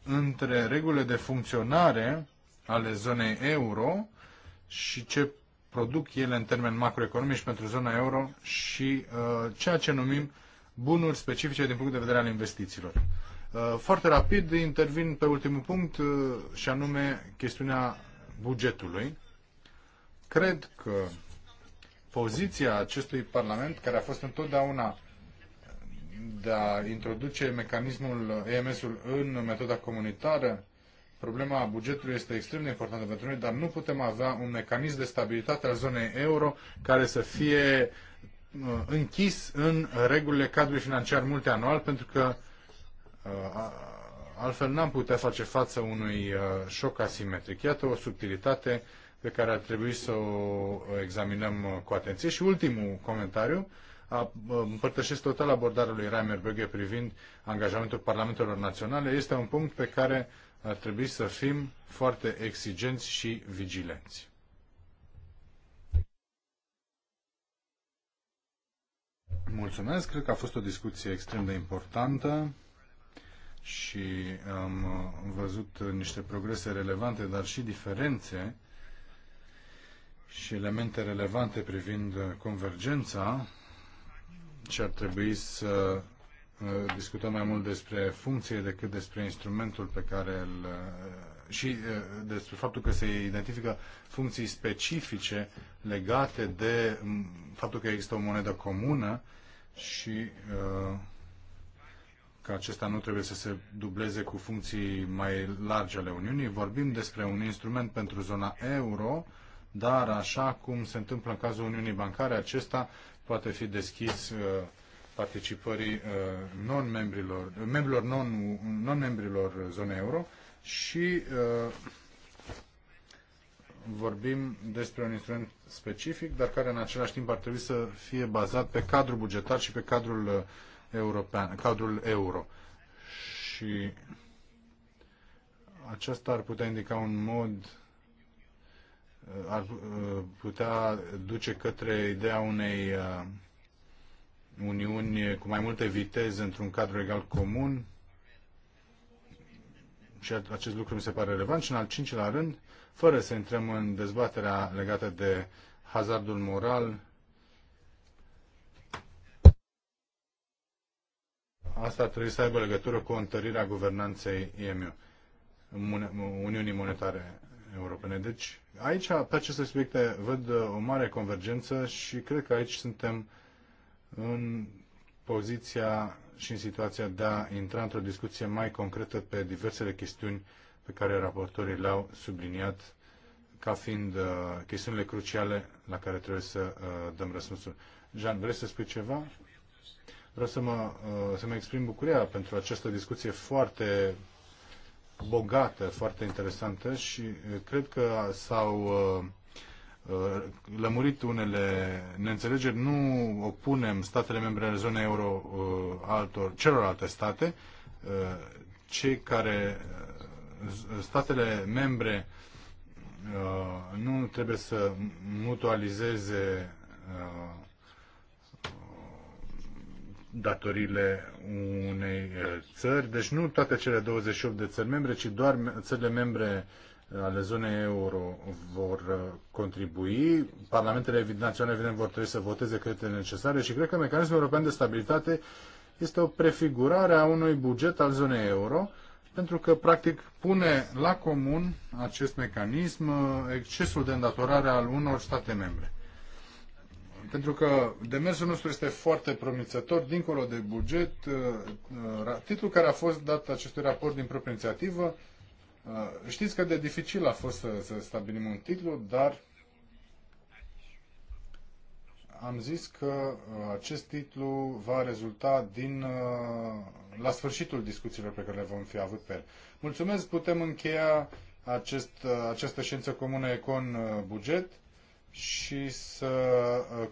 S3: între regulile de funcționare ale zonei euro și ce produc ele în termeni macroeconomici pentru zona euro și uh, ceea ce numim bunuri specifice din punct de vedere al investițiilor. Uh, foarte rapid intervin pe ultimul punct uh, și anume chestiunea bugetului. Cred că poziția acestui Parlament, care a fost întotdeauna de a introduce mecanismul uh, EMS-ul în metoda comunitară, Problema bugetului este extrem de importantă pentru noi, dar nu putem avea un mecanism de stabilitate al zonei euro care să fie uh, închis în regulile cadrului financiar multianual, pentru că uh, altfel n-am putea face față unui uh, șoc asimetric. Iată o subtilitate pe care ar trebui să o examinăm cu atenție. Și ultimul comentariu, împărtășesc total abordarea lui Reimer Böge privind angajamentul Parlamentelor Naționale, este un punct pe care ar trebui să fim foarte exigenți și vigilenți. Mulțumesc, cred că a fost o discuție extrem de importantă și am văzut niște progrese relevante, dar și diferențe și elemente relevante privind convergența ce ar trebui să Uh, discutăm mai mult despre funcție decât despre instrumentul pe care îl uh, și uh, despre faptul că se identifică funcții specifice legate de faptul că există o monedă comună și că acesta nu trebuie să se dubleze cu funcții mai largi ale Uniunii. Vorbim despre un instrument pentru zona euro, dar așa cum se întâmplă în cazul Uniunii Bancare, acesta poate fi deschis participării uh, non-membrilor, membrilor non-membrilor non zonei euro și uh, vorbim despre un instrument specific, dar care în același timp ar trebui să fie bazat pe cadrul bugetar și pe cadrul uh, european, cadrul euro. Și aceasta ar putea indica un mod ar putea duce către ideea unei uniuni cu mai multe viteze într-un cadru legal comun și acest lucru mi se pare relevant și în al cincilea rând, fără să intrăm în dezbaterea legată de hazardul moral, asta trebuie să aibă legătură cu întărirea guvernanței EMU, Uniunii Monetare Europene. Deci aici, pe aceste subiecte, văd o mare convergență și cred că aici suntem în poziția și în situația de a intra într-o discuție mai concretă pe diversele chestiuni pe care raportorii le-au subliniat ca fiind uh, chestiunile cruciale la care trebuie să uh, dăm răspunsul. Jean, vrei să spui ceva? Vreau să mă, uh, să mă exprim bucuria pentru această discuție foarte bogată, foarte interesantă și uh, cred că s-au uh, Uh, lămurit unele neînțelegeri, nu opunem statele membre ale zonei euro uh, altor, celorlalte state, uh, cei care statele membre nu trebuie să mutualizeze datoriile unei țări. Deci nu toate cele 28 de țări membre, ci doar țările membre uh, ale zonei euro vor uh, contribui. Parlamentele naționale, evident, vor trebui să voteze creditele necesare și cred că mecanismul european de stabilitate este o prefigurare a unui buget al zonei euro, pentru că, practic, pune la comun acest mecanism uh, excesul de îndatorare al unor state membre. Pentru că demersul nostru este foarte promițător, dincolo de buget, uh, titlul care a fost dat acestui raport din proprie inițiativă Uh, știți că de dificil a fost să, să stabilim un titlu, dar am zis că uh, acest titlu va rezulta din, uh, la sfârșitul discuțiilor pe care le vom fi avut pe el. Mulțumesc, putem încheia acest, această ședință comună Econ Buget și să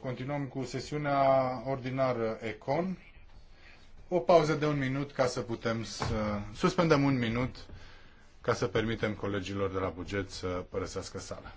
S3: continuăm cu sesiunea ordinară Econ. O pauză de un minut ca să putem să suspendăm un minut ca să permitem colegilor de la buget să părăsească sala.